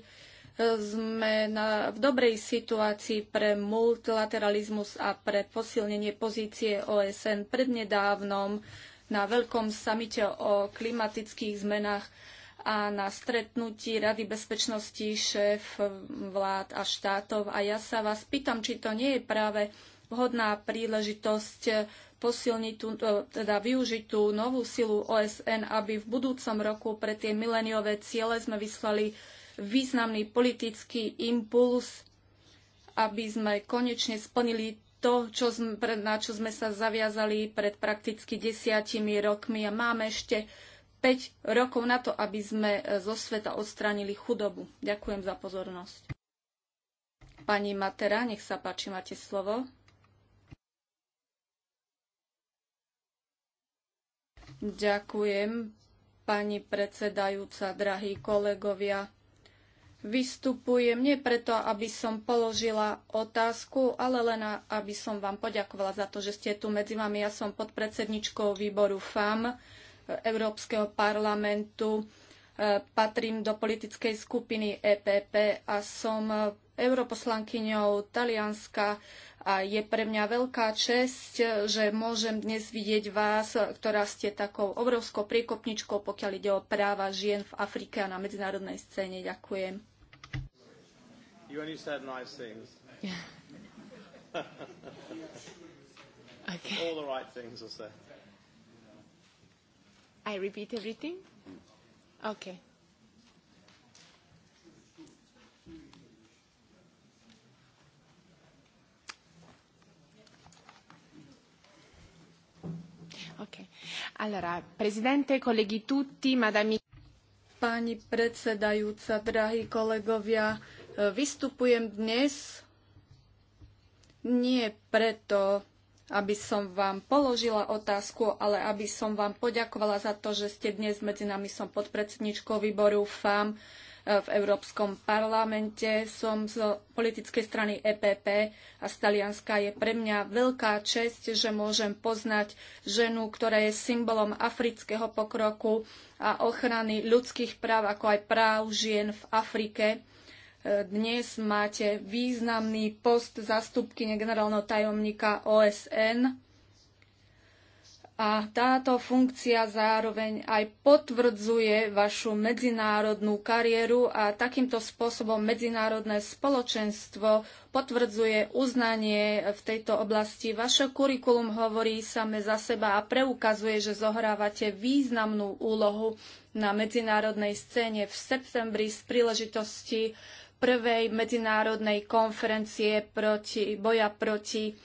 sme na, v dobrej situácii pre multilateralizmus a pre posilnenie pozície OSN prednedávnom na veľkom samite o klimatických zmenách a na stretnutí Rady bezpečnosti šéf vlád a štátov. A ja sa vás pýtam, či to nie je práve vhodná príležitosť posilniť tú, e, teda využiť tú novú silu OSN, aby v budúcom roku pre tie mileniové ciele sme vyslali významný politický impuls, aby sme konečne splnili to, čo sme, na čo sme sa zaviazali pred prakticky desiatimi rokmi a máme ešte 5 rokov na to, aby sme e, zo sveta odstránili chudobu. Ďakujem za pozornosť. Pani Matera, nech sa páči, máte slovo. Ďakujem, pani predsedajúca, drahí kolegovia. Vystupujem nie preto, aby som položila otázku, ale len aby som vám poďakovala za to, že ste tu medzi vami. Ja som podpredsedničkou výboru FAM e, Európskeho parlamentu. E, patrím do politickej skupiny EPP a som e, europoslankyňou Talianska a je pre mňa veľká česť, že môžem dnes vidieť vás, ktorá ste takou obrovskou priekopničkou, pokiaľ ide o práva žien v Afrike a na medzinárodnej scéne. Ďakujem. You only said nice things. Yeah. (laughs) okay. All the right things are said. I repeat everything? Okay. madami... Pani predsedajúca, drahí kolegovia, e, vystupujem dnes nie preto, aby som vám položila otázku, ale aby som vám poďakovala za to, že ste dnes medzi nami. Som podpredsedničkou výboru FAM v Európskom parlamente. Som z politickej strany EPP a z Talianska je pre mňa veľká česť, že môžem poznať ženu, ktorá je symbolom afrického pokroku a ochrany ľudských práv, ako aj práv žien v Afrike. E, dnes máte významný post zastupky generálneho tajomníka OSN a táto funkcia zároveň aj potvrdzuje vašu medzinárodnú kariéru a takýmto spôsobom medzinárodné spoločenstvo potvrdzuje uznanie v tejto oblasti. Vaše kurikulum hovorí same za seba a preukazuje, že zohrávate významnú úlohu na medzinárodnej scéne v septembri z príležitosti prvej medzinárodnej konferencie proti, boja proti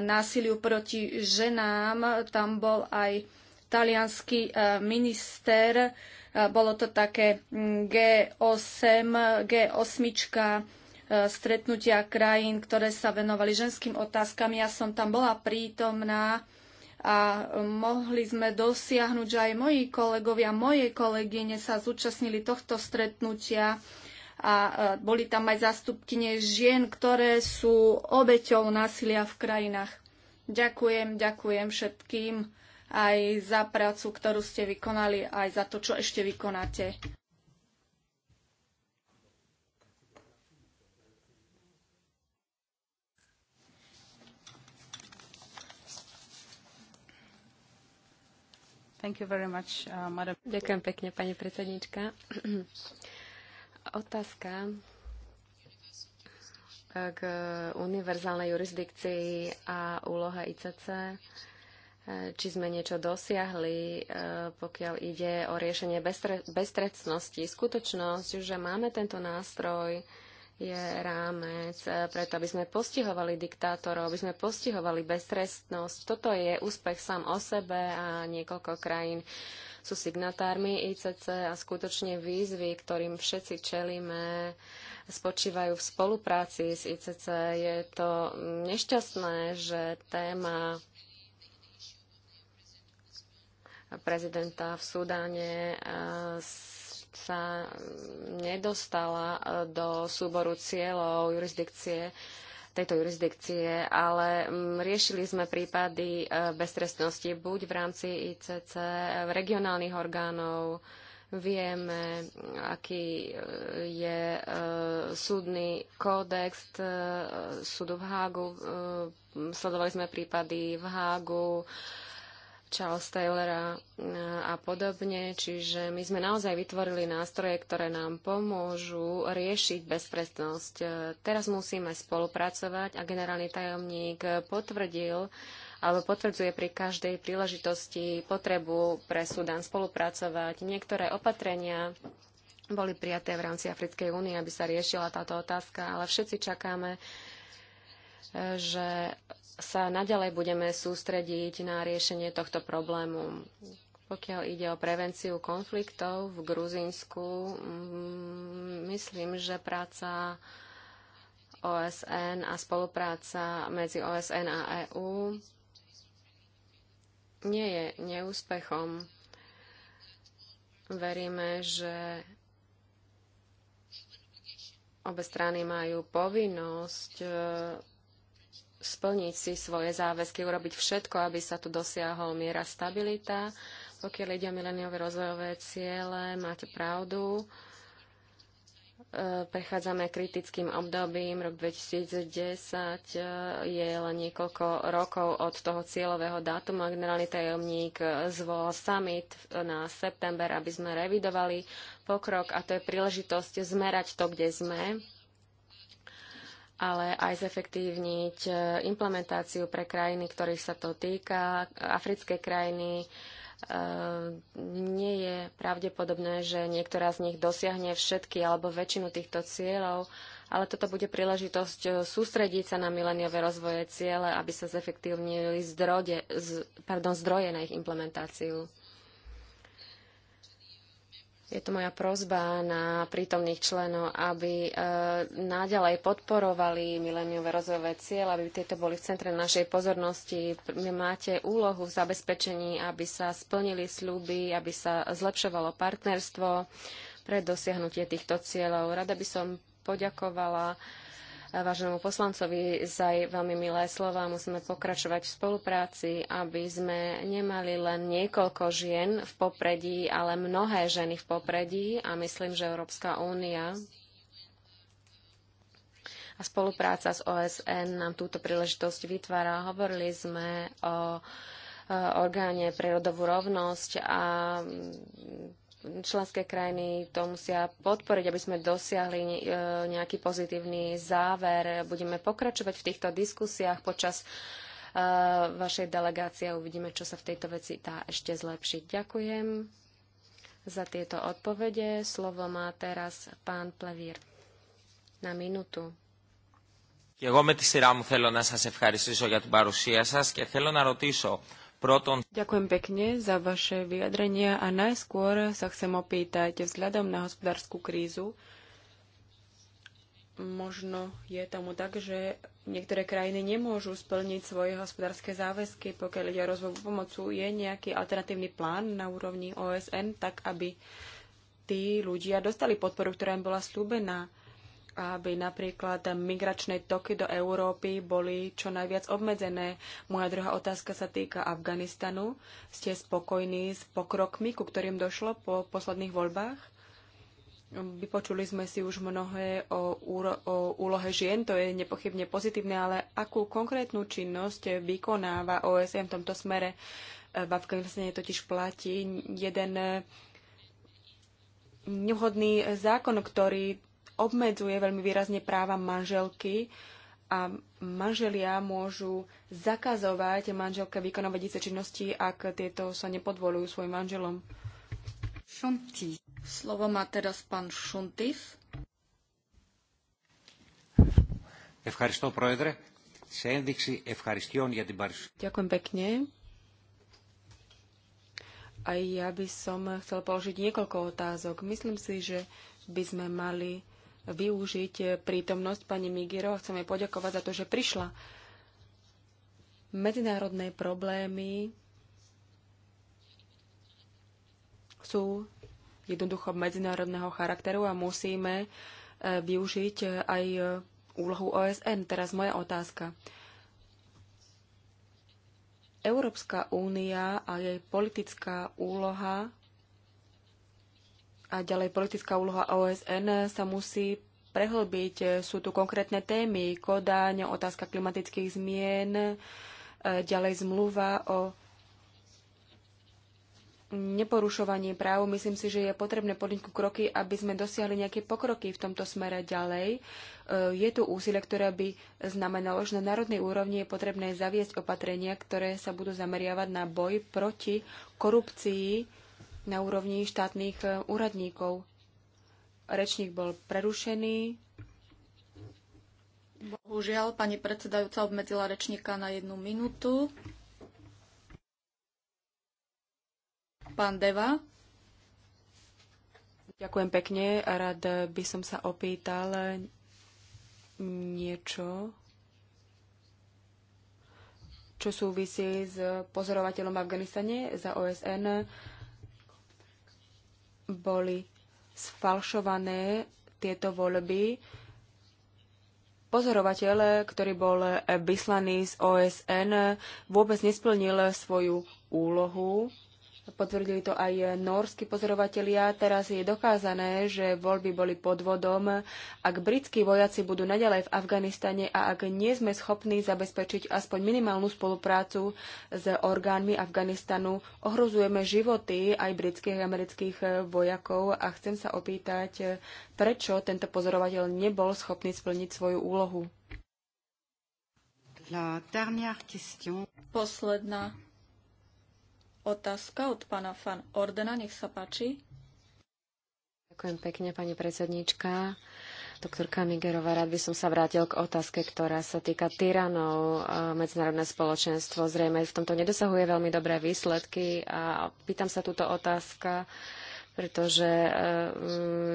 násiliu proti ženám. Tam bol aj talianský e, minister. E, bolo to také G8, G8 e, stretnutia krajín, ktoré sa venovali ženským otázkam. Ja som tam bola prítomná a mohli sme dosiahnuť, že aj moji kolegovia, moje kolegyne sa zúčastnili tohto stretnutia a e, boli tam aj zástupkyne žien, ktoré sú obeťou násilia v krajinách. Ďakujem, ďakujem všetkým aj za prácu, ktorú ste vykonali, aj za to, čo ešte vykonáte. Much, uh, Ďakujem pekne, pani predsednička. Otázka e, k univerzálnej jurisdikcii a úloha ICC, e, či sme niečo dosiahli, e, pokiaľ ide o riešenie beztrecnosti. Skutočnosť, že máme tento nástroj, je rámec preto, aby sme postihovali diktátorov, aby sme postihovali beztrestnosť. Toto je úspech sám o sebe a niekoľko krajín sú signatármi ICC a skutočne výzvy, ktorým všetci čelíme, spočívajú v spolupráci s ICC. Je to nešťastné, že téma prezidenta v Sudáne eh, sa nedostala eh, do súboru cieľov jurisdikcie tejto jurisdikcie, ale mm, riešili sme prípady e, beztrestnosti buď v rámci ICC, v regionálnych orgánov, vieme, aký e, je e, súdny kódex súdu v Hágu, sledovali sme prípady v Hágu, Charles Taylora e, a podobne. Čiže my sme naozaj vytvorili nástroje, ktoré nám pomôžu riešiť bezprestnosť. E, teraz musíme spolupracovať a generálny tajomník potvrdil, alebo potvrdzuje pri každej príležitosti potrebu pre Sudan spolupracovať. Niektoré opatrenia boli prijaté v rámci Africkej únie, aby sa riešila táto otázka, ale všetci čakáme, e, že sa naďalej budeme sústrediť na riešenie tohto problému. Pokiaľ ide o prevenciu konfliktov v Gruzínsku, mm, myslím, že práca OSN a spolupráca medzi OSN a EÚ nie je neúspechom. Veríme, že obe strany majú povinnosť e, splniť si svoje záväzky, urobiť všetko, aby sa tu dosiahol miera stabilita. Pokiaľ ide o mileniové rozvojové ciele, máte pravdu. E, prechádzame kritickým obdobím. Rok 2010 e, je len niekoľko rokov od toho cieľového dátuma. Generálny tajomník e, zvolal summit na september, aby sme revidovali pokrok a to je príležitosť zmerať to, kde sme ale aj zefektívniť e, implementáciu pre krajiny, ktorých sa to týka. Africké krajiny e, nie je pravdepodobné, že niektorá z nich dosiahne všetky alebo väčšinu týchto cieľov, ale toto bude príležitosť e, sústrediť sa na mileniové rozvoje ciele, aby sa zefektívnili zdroje, pardon, zdroje na ich implementáciu je to moja prozba na prítomných členov, aby e, naďalej podporovali mileniové rozvojové cieľ, aby tieto boli v centre našej pozornosti. Máte úlohu v zabezpečení, aby sa splnili sľuby, aby sa zlepšovalo partnerstvo pre dosiahnutie týchto cieľov. Rada by som poďakovala váženému poslancovi za jej veľmi milé slova. Musíme pokračovať v spolupráci, aby sme nemali len niekoľko žien v popredí, ale mnohé ženy v popredí a myslím, že Európska únia a spolupráca s OSN nám túto príležitosť vytvára. Hovorili sme o orgáne pre rodovú rovnosť a členské krajiny to musia podporiť, aby sme dosiahli e, nejaký pozitívny záver. Budeme pokračovať v týchto diskusiách počas e, vašej delegácie a uvidíme, čo sa v tejto veci dá ešte zlepšiť. Ďakujem za tieto odpovede. Slovo má teraz pán Plevír na minútu. εγώ με τη σειρά μου θέλω να σας ευχαριστήσω για την παρουσία σας και θέλω να ρωτήσω Proton. Ďakujem pekne za vaše vyjadrenia a najskôr sa chcem opýtať vzhľadom na hospodárskú krízu. Možno je tomu tak, že niektoré krajiny nemôžu splniť svoje hospodárske záväzky, pokiaľ ide o rozvoj pomocu. Je nejaký alternatívny plán na úrovni OSN, tak aby tí ľudia dostali podporu, ktorá im bola slúbená? aby napríklad migračné toky do Európy boli čo najviac obmedzené. Moja druhá otázka sa týka Afganistanu. Ste spokojní s pokrokmi, ku ktorým došlo po posledných voľbách? Vypočuli sme si už mnohé o, úro, o úlohe žien, to je nepochybne pozitívne, ale akú konkrétnu činnosť vykonáva OSM v tomto smere? V Afganistane totiž platí jeden nevhodný zákon, ktorý obmedzuje veľmi výrazne práva manželky a manželia môžu zakazovať manželke vykonávať isté činnosti, ak tieto sa nepodvolujú svojim manželom. Slovo má teraz pán Šuntis. Ďakujem pekne. A ja by som chcel položiť niekoľko otázok. Myslím si, že by sme mali využiť prítomnosť pani Migiro. Chcem jej poďakovať za to, že prišla. Medzinárodné problémy sú jednoducho medzinárodného charakteru a musíme e, využiť aj úlohu OSN. Teraz moja otázka. Európska únia a jej politická úloha a ďalej politická úloha OSN sa musí prehlbiť. Sú tu konkrétne témy, Kodáň, otázka klimatických zmien, e, ďalej zmluva o neporušovaní práv. Myslím si, že je potrebné podniknúť kroky, aby sme dosiahli nejaké pokroky v tomto smere ďalej. E, je tu úsilie, ktoré by znamenalo, že na národnej úrovni je potrebné zaviesť opatrenia, ktoré sa budú zameriavať na boj proti korupcii na úrovni štátnych e, úradníkov. Rečník bol prerušený. Bohužiaľ, pani predsedajúca obmedzila rečníka na jednu minútu. Pán Deva. Ďakujem pekne. Rád by som sa opýtal niečo, čo súvisí s pozorovateľom v Afganistane za OSN boli sfalšované tieto voľby. Pozorovateľ, ktorý bol vyslaný z OSN, vôbec nesplnil svoju úlohu Potvrdili to aj norskí pozorovatelia. Teraz je dokázané, že voľby boli podvodom. Ak britskí vojaci budú naďalej v Afganistane a ak nie sme schopní zabezpečiť aspoň minimálnu spoluprácu s orgánmi Afganistanu, ohrozujeme životy aj britských a amerických vojakov a chcem sa opýtať, prečo tento pozorovateľ nebol schopný splniť svoju úlohu. Posledná otázka od pána Fan Ordena. Nech sa páči. Ďakujem pekne, pani predsedníčka. Doktorka Migerová, rád by som sa vrátil k otázke, ktorá sa týka tyranov. Medzinárodné spoločenstvo zrejme v tomto nedosahuje veľmi dobré výsledky a pýtam sa túto otázka pretože e,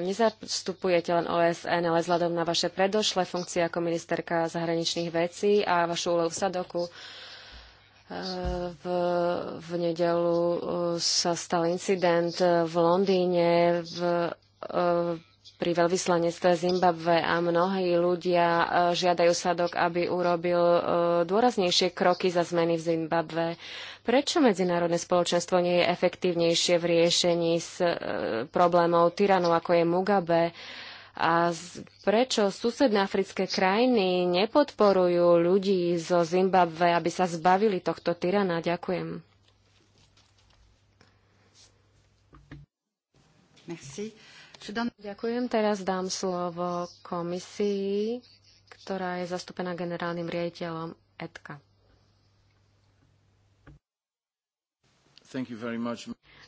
nezastupujete len OSN, ale vzhľadom na vaše predošlé funkcie ako ministerka zahraničných vecí a vašu úlohu v Sadoku, v, v nedelu eh, sa stal incident v Londýne v, eh, pri veľvyslanectve Zimbabve a mnohí ľudia eh, žiadajú Sadok, aby urobil dôraznejšie kroky za zmeny v Zimbabve. Prečo medzinárodné spoločenstvo nie je efektívnejšie v riešení s problémov tyranov, ako je Mugabe? A prečo susedné africké krajiny nepodporujú ľudí zo Zimbabve, aby sa zbavili tohto tyrana? Ďakujem. Merci. Ďakujem. Teraz dám slovo komisii, ktorá je zastúpená generálnym riaditeľom ETKA.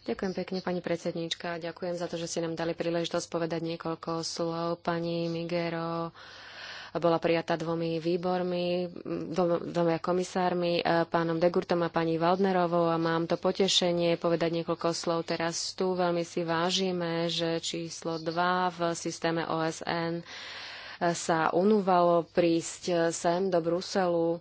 Ďakujem pekne, pani predsedníčka. Ďakujem za to, že ste nám dali príležitosť povedať niekoľko slov. Pani Migero bola prijatá dvomi výbormi, dvoma komisármi, e, pánom Degurtom a pani Waldnerovou a mám to potešenie povedať niekoľko slov teraz tu. Veľmi si vážime, že číslo 2 v systéme OSN e, sa unúvalo prísť sem do Bruselu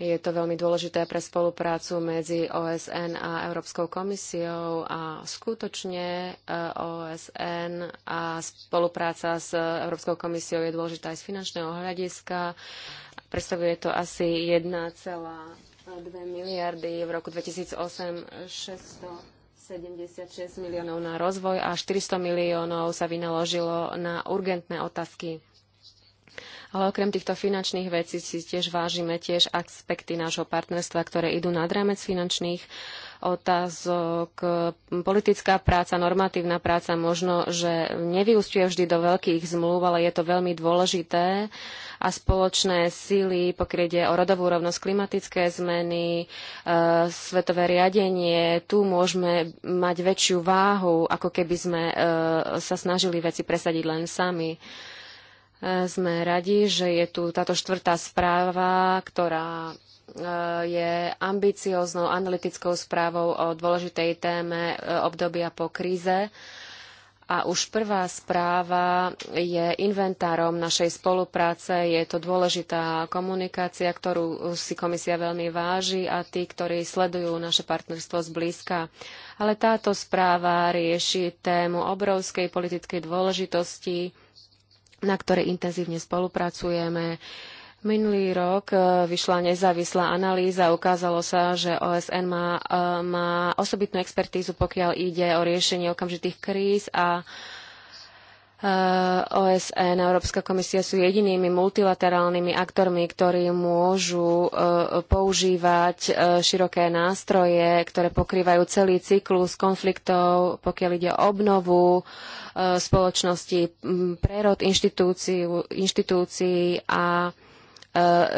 je to veľmi dôležité pre spoluprácu medzi OSN a Európskou komisiou a skutočne e, OSN a spolupráca s Európskou komisiou je dôležitá aj z finančného hľadiska. Predstavuje to asi 1,2 miliardy v roku 2008 600 76 miliónov na rozvoj a 400 miliónov sa vynaložilo na urgentné otázky. Ale okrem týchto finančných vecí si tiež vážime tiež aspekty nášho partnerstva, ktoré idú nad rámec finančných otázok. Politická práca, normatívna práca možno, že nevyústuje vždy do veľkých zmluv, ale je to veľmi dôležité a spoločné síly, pokiaľ ide o rodovú rovnosť, klimatické zmeny, e, svetové riadenie, tu môžeme mať väčšiu váhu, ako keby sme e, sa snažili veci presadiť len sami. Sme radi, že je tu táto štvrtá správa, ktorá e, je ambicióznou analytickou správou o dôležitej téme e, obdobia po kríze. A už prvá správa je inventárom našej spolupráce. Je to dôležitá komunikácia, ktorú si komisia veľmi váži a tí, ktorí sledujú naše partnerstvo zblízka. Ale táto správa rieši tému obrovskej politickej dôležitosti na ktorej intenzívne spolupracujeme. Minulý rok e, vyšla nezávislá analýza, ukázalo sa, že OSN má, e, má osobitnú expertízu, pokiaľ ide o riešenie okamžitých kríz a Eh, OSN a Európska komisia sú jedinými multilaterálnymi aktormi, ktorí môžu eh, používať eh, široké nástroje, ktoré pokrývajú celý cyklus konfliktov, pokiaľ ide o obnovu spoločnosti, prerod inštitúcií a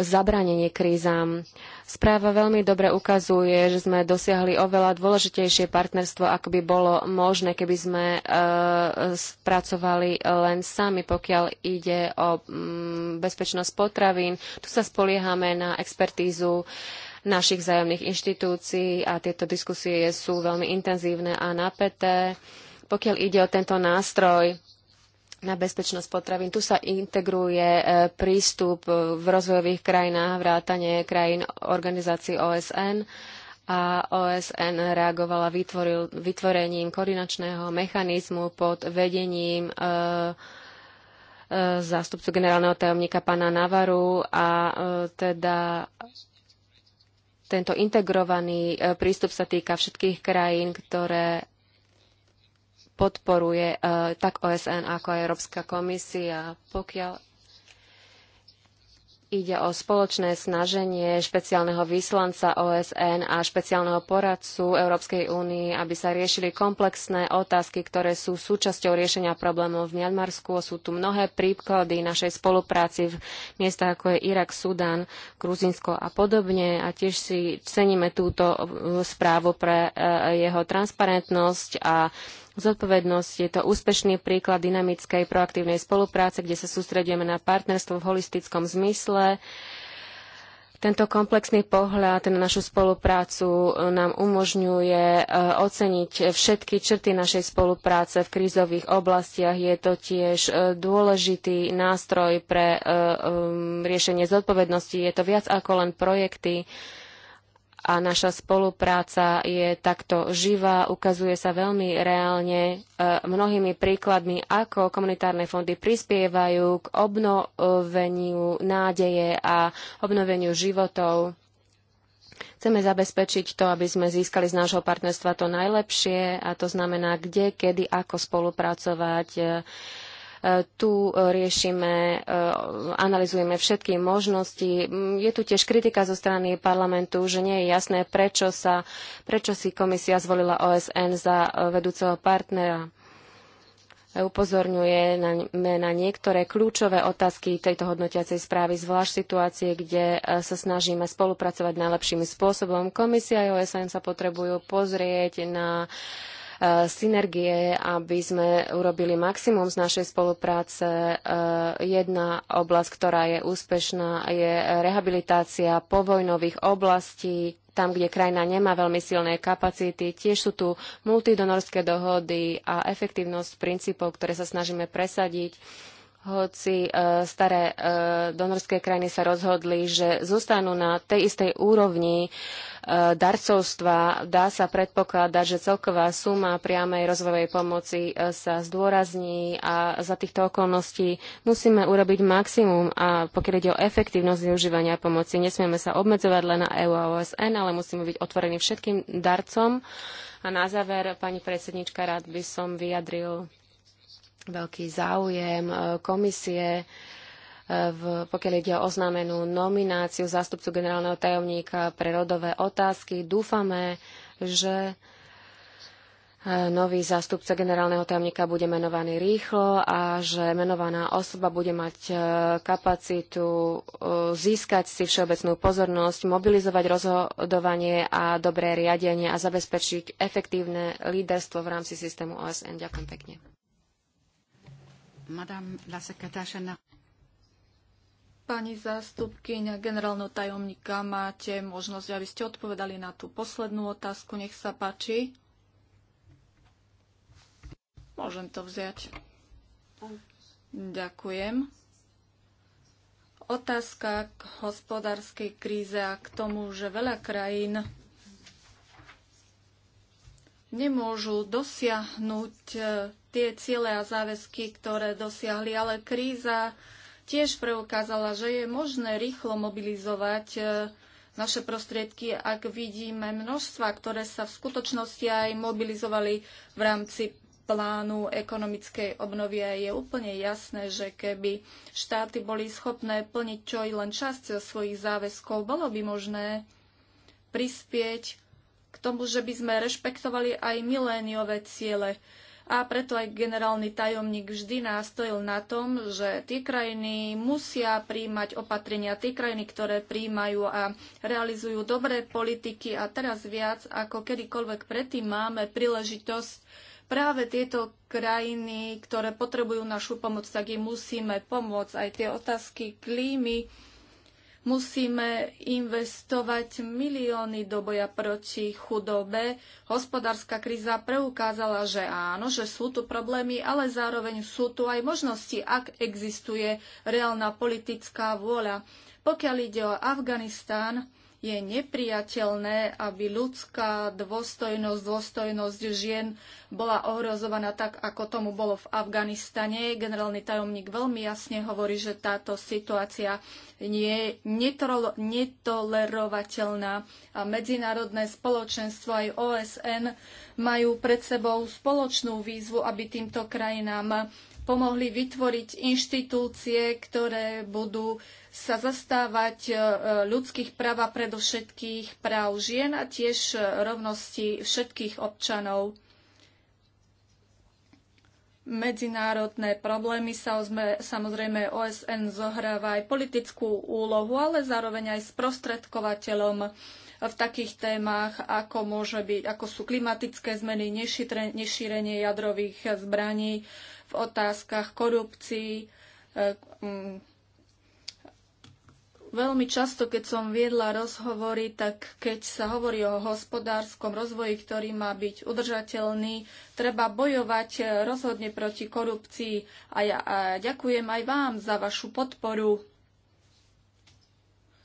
zabránenie krízam. Správa veľmi dobre ukazuje, že sme dosiahli oveľa dôležitejšie partnerstvo, ako by bolo možné, keby sme e, spracovali len sami, pokiaľ ide o mm, bezpečnosť potravín. Tu sa spoliehame na expertízu našich vzájomných inštitúcií a tieto diskusie sú veľmi intenzívne a napäté. Pokiaľ ide o tento nástroj, na bezpečnosť potravín. Tu sa integruje e, prístup e, v rozvojových krajinách, vrátanie krajín organizácií OSN a OSN reagovala vytvoril, vytvorením koordinačného mechanizmu pod vedením e, e, zástupcu generálneho tajomníka pána Navaru a e, teda tento integrovaný e, prístup sa týka všetkých krajín, ktoré podporuje e, tak OSN ako aj Európska komisia. Pokiaľ ide o spoločné snaženie špeciálneho vyslanca OSN a špeciálneho poradcu Európskej únii, aby sa riešili komplexné otázky, ktoré sú súčasťou riešenia problémov v Mianmarsku. Sú tu mnohé príklady našej spolupráci v miestach ako je Irak, Sudán, Gruzinsko a podobne. A tiež si ceníme túto e, správu pre e, jeho transparentnosť a zodpovednosť. Je to úspešný príklad dynamickej proaktívnej spolupráce, kde sa sústredujeme na partnerstvo v holistickom zmysle. Tento komplexný pohľad na našu spoluprácu e, nám umožňuje e, oceniť všetky črty našej spolupráce v krízových oblastiach. Je to tiež e, dôležitý nástroj pre riešenie zodpovednosti. Je to viac ako len projekty a naša spolupráca je takto živá, ukazuje sa veľmi reálne e, mnohými príkladmi, ako komunitárne fondy prispievajú k obnoveniu nádeje a obnoveniu životov. Chceme zabezpečiť to, aby sme získali z nášho partnerstva to najlepšie a to znamená, kde, kedy, ako spolupracovať. E, tu e, riešime, e, analizujeme všetky možnosti. Je tu tiež kritika zo strany parlamentu, že nie je jasné, prečo, sa, prečo si komisia zvolila OSN za e, vedúceho partnera upozorňuje na, na niektoré kľúčové otázky tejto hodnotiacej správy, zvlášť situácie, kde sa snažíme spolupracovať najlepším spôsobom. Komisia a OSN sa potrebujú pozrieť na uh, E, synergie, aby sme urobili maximum z našej spolupráce. E, jedna oblasť, ktorá je úspešná, je rehabilitácia povojnových oblastí, tam, kde krajina nemá veľmi silné kapacity. Tiež sú tu multidonorské dohody a efektívnosť princípov, ktoré sa snažíme presadiť hoci e, staré e, donorské krajiny sa rozhodli, že zostanú na tej istej úrovni e, darcovstva, dá sa predpokladať, že celková suma priamej rozvojovej pomoci sa zdôrazní a za týchto okolností musíme urobiť maximum a pokiaľ ide o efektívnosť využívania pomoci, nesmieme sa obmedzovať len na EU a OSN, ale musíme byť otvorení všetkým darcom. A na záver, pani predsednička, rád by som vyjadril veľký záujem e, komisie, e, v, pokiaľ ide o oznámenú nomináciu zástupcu generálneho tajomníka pre rodové otázky. Dúfame, že e, nový zástupca generálneho tajomníka bude menovaný rýchlo a že menovaná osoba bude mať kapacitu získať si všeobecnú pozornosť, mobilizovať rozhodovanie a dobré riadenie a zabezpečiť efektívne líderstvo v rámci systému OSN. Ďakujem pekne. Pani zástupkyňa generálneho tajomníka, máte možnosť, aby ste odpovedali na tú poslednú otázku. Nech sa páči. Môžem to vziať. Ďakujem. Otázka k hospodárskej kríze a k tomu, že veľa krajín nemôžu dosiahnuť eh, tie ciele a záväzky, ktoré dosiahli, ale kríza tiež preukázala, že je možné rýchlo mobilizovať e, naše prostriedky, ak vidíme množstva, ktoré sa v skutočnosti aj mobilizovali v rámci plánu ekonomickej obnovy a je úplne jasné, že keby štáty boli schopné plniť čo i len časť svojich záväzkov, bolo by možné prispieť k tomu, že by sme rešpektovali aj miléniové ciele a preto aj generálny tajomník vždy nástojil na tom, že tie krajiny musia príjmať opatrenia, tie krajiny, ktoré príjmajú a realizujú dobré politiky a teraz viac ako kedykoľvek predtým máme príležitosť práve tieto krajiny, ktoré potrebujú našu pomoc, tak im musíme pomôcť. Aj tie otázky klímy, Musíme investovať milióny do boja proti chudobe. Hospodárska kríza preukázala, že áno, že sú tu problémy, ale zároveň sú tu aj možnosti, ak existuje reálna politická vôľa. Pokiaľ ide o Afganistán, je nepriateľné, aby ľudská dôstojnosť, dôstojnosť žien bola ohrozovaná tak, ako tomu bolo v Afganistane. Generálny tajomník veľmi jasne hovorí, že táto situácia je netolerovateľná. A medzinárodné spoločenstvo aj OSN majú pred sebou spoločnú výzvu, aby týmto krajinám pomohli vytvoriť inštitúcie, ktoré budú sa zastávať e, e, ľudských práv a predovšetkých práv žien a tiež e, rovnosti všetkých občanov. Medzinárodné problémy sa samozrejme OSN zohráva aj politickú úlohu, ale zároveň aj sprostredkovateľom v takých témach, ako, môže byť, ako sú klimatické zmeny, nešírenie jadrových zbraní, otázkach korupcií. E, veľmi často, keď som viedla rozhovory, tak keď sa hovorí o hospodárskom rozvoji, ktorý má byť udržateľný, treba bojovať e, rozhodne proti korupcii. A ja a ďakujem aj vám za vašu podporu,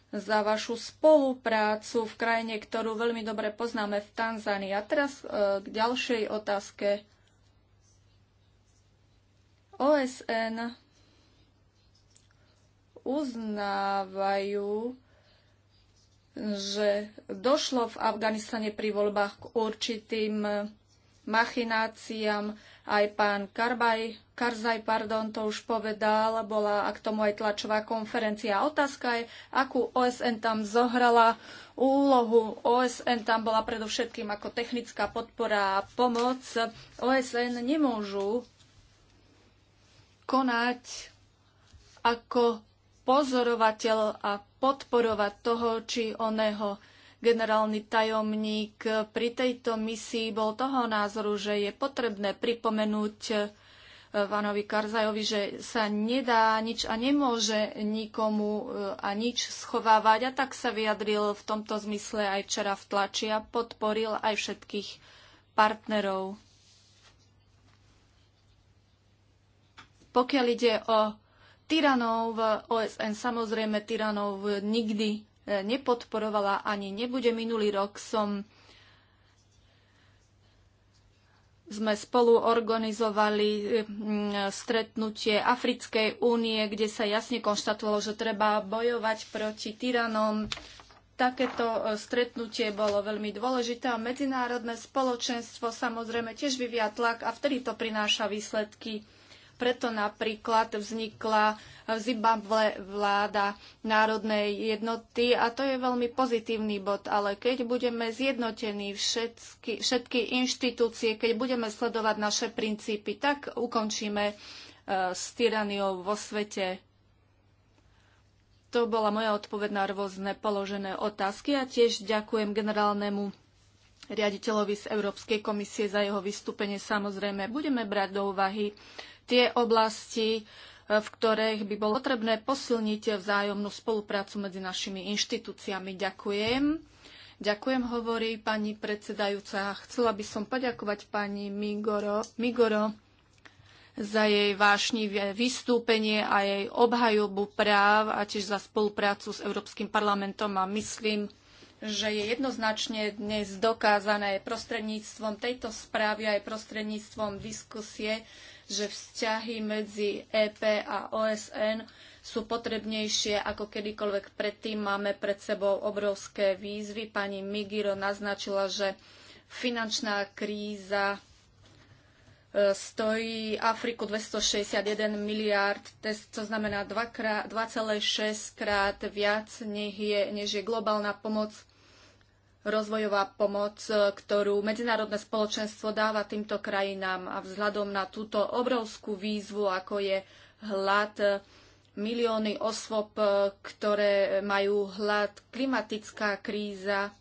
za vašu spoluprácu v krajine, ktorú veľmi dobre poznáme v Tanzánii. A teraz e, k ďalšej otázke. OSN uznávajú, že došlo v Afganistane pri voľbách k určitým machináciám. Aj pán Karbaj, Karzaj pardon, to už povedal, bola a k tomu aj tlačová konferencia. Otázka je, akú OSN tam zohrala úlohu. OSN tam bola predovšetkým ako technická podpora a pomoc. OSN nemôžu konať ako pozorovateľ a podporovať toho či oného. Generálny tajomník pri tejto misii bol toho názoru, že je potrebné pripomenúť Vanovi eh, Karzajovi, že sa nedá nič a nemôže nikomu eh, a nič schovávať. A tak sa vyjadril v tomto zmysle aj včera v tlači a podporil aj všetkých partnerov. Pokiaľ ide o tyranov v OSN, samozrejme tyranov nikdy e, nepodporovala ani nebude. Minulý rok som sme spolu organizovali e, stretnutie Africkej únie, kde sa jasne konštatovalo, že treba bojovať proti tyranom. Takéto e, stretnutie bolo veľmi dôležité a medzinárodné spoločenstvo samozrejme tiež vyvia tlak a vtedy to prináša výsledky. Preto napríklad vznikla v Zimbabwe vláda národnej jednoty a to je veľmi pozitívny bod. Ale keď budeme zjednotení všetky, všetky inštitúcie, keď budeme sledovať naše princípy, tak ukončíme e, s tyraniou vo svete. To bola moja odpoveď na rôzne položené otázky a tiež ďakujem generálnemu riaditeľovi z Európskej komisie za jeho vystúpenie. Samozrejme, budeme brať do úvahy tie oblasti, e, v ktorých by bolo potrebné posilniť vzájomnú spoluprácu medzi našimi inštitúciami. Ďakujem. Ďakujem, hovorí pani predsedajúca. Chcela by som poďakovať pani Migoro, Migoro za jej vášnivé vystúpenie a jej obhajobu práv a tiež za spoluprácu s Európskym parlamentom a myslím, že je jednoznačne dnes dokázané prostredníctvom tejto správy aj prostredníctvom diskusie, že vzťahy medzi EP a OSN sú potrebnejšie ako kedykoľvek predtým. Máme pred sebou obrovské výzvy. Pani Migiro naznačila, že finančná kríza e, stojí Afriku 261 miliárd, to znamená 2,6 krát viac, než je, než je globálna pomoc rozvojová pomoc, e, ktorú medzinárodné spoločenstvo dáva týmto krajinám a vzhľadom na túto obrovskú výzvu, ako je hlad, e, milióny osôb, e, ktoré majú hlad, klimatická kríza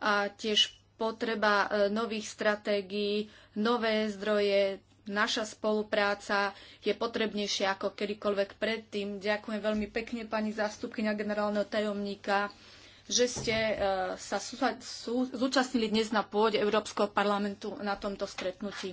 a tiež potreba nových stratégií, nové zdroje, naša spolupráca je potrebnejšia ako kedykoľvek predtým. Ďakujem veľmi pekne pani zástupkyňa generálneho tajomníka že ste e, sa zúčastnili dnes na pôde Európskeho parlamentu na tomto stretnutí.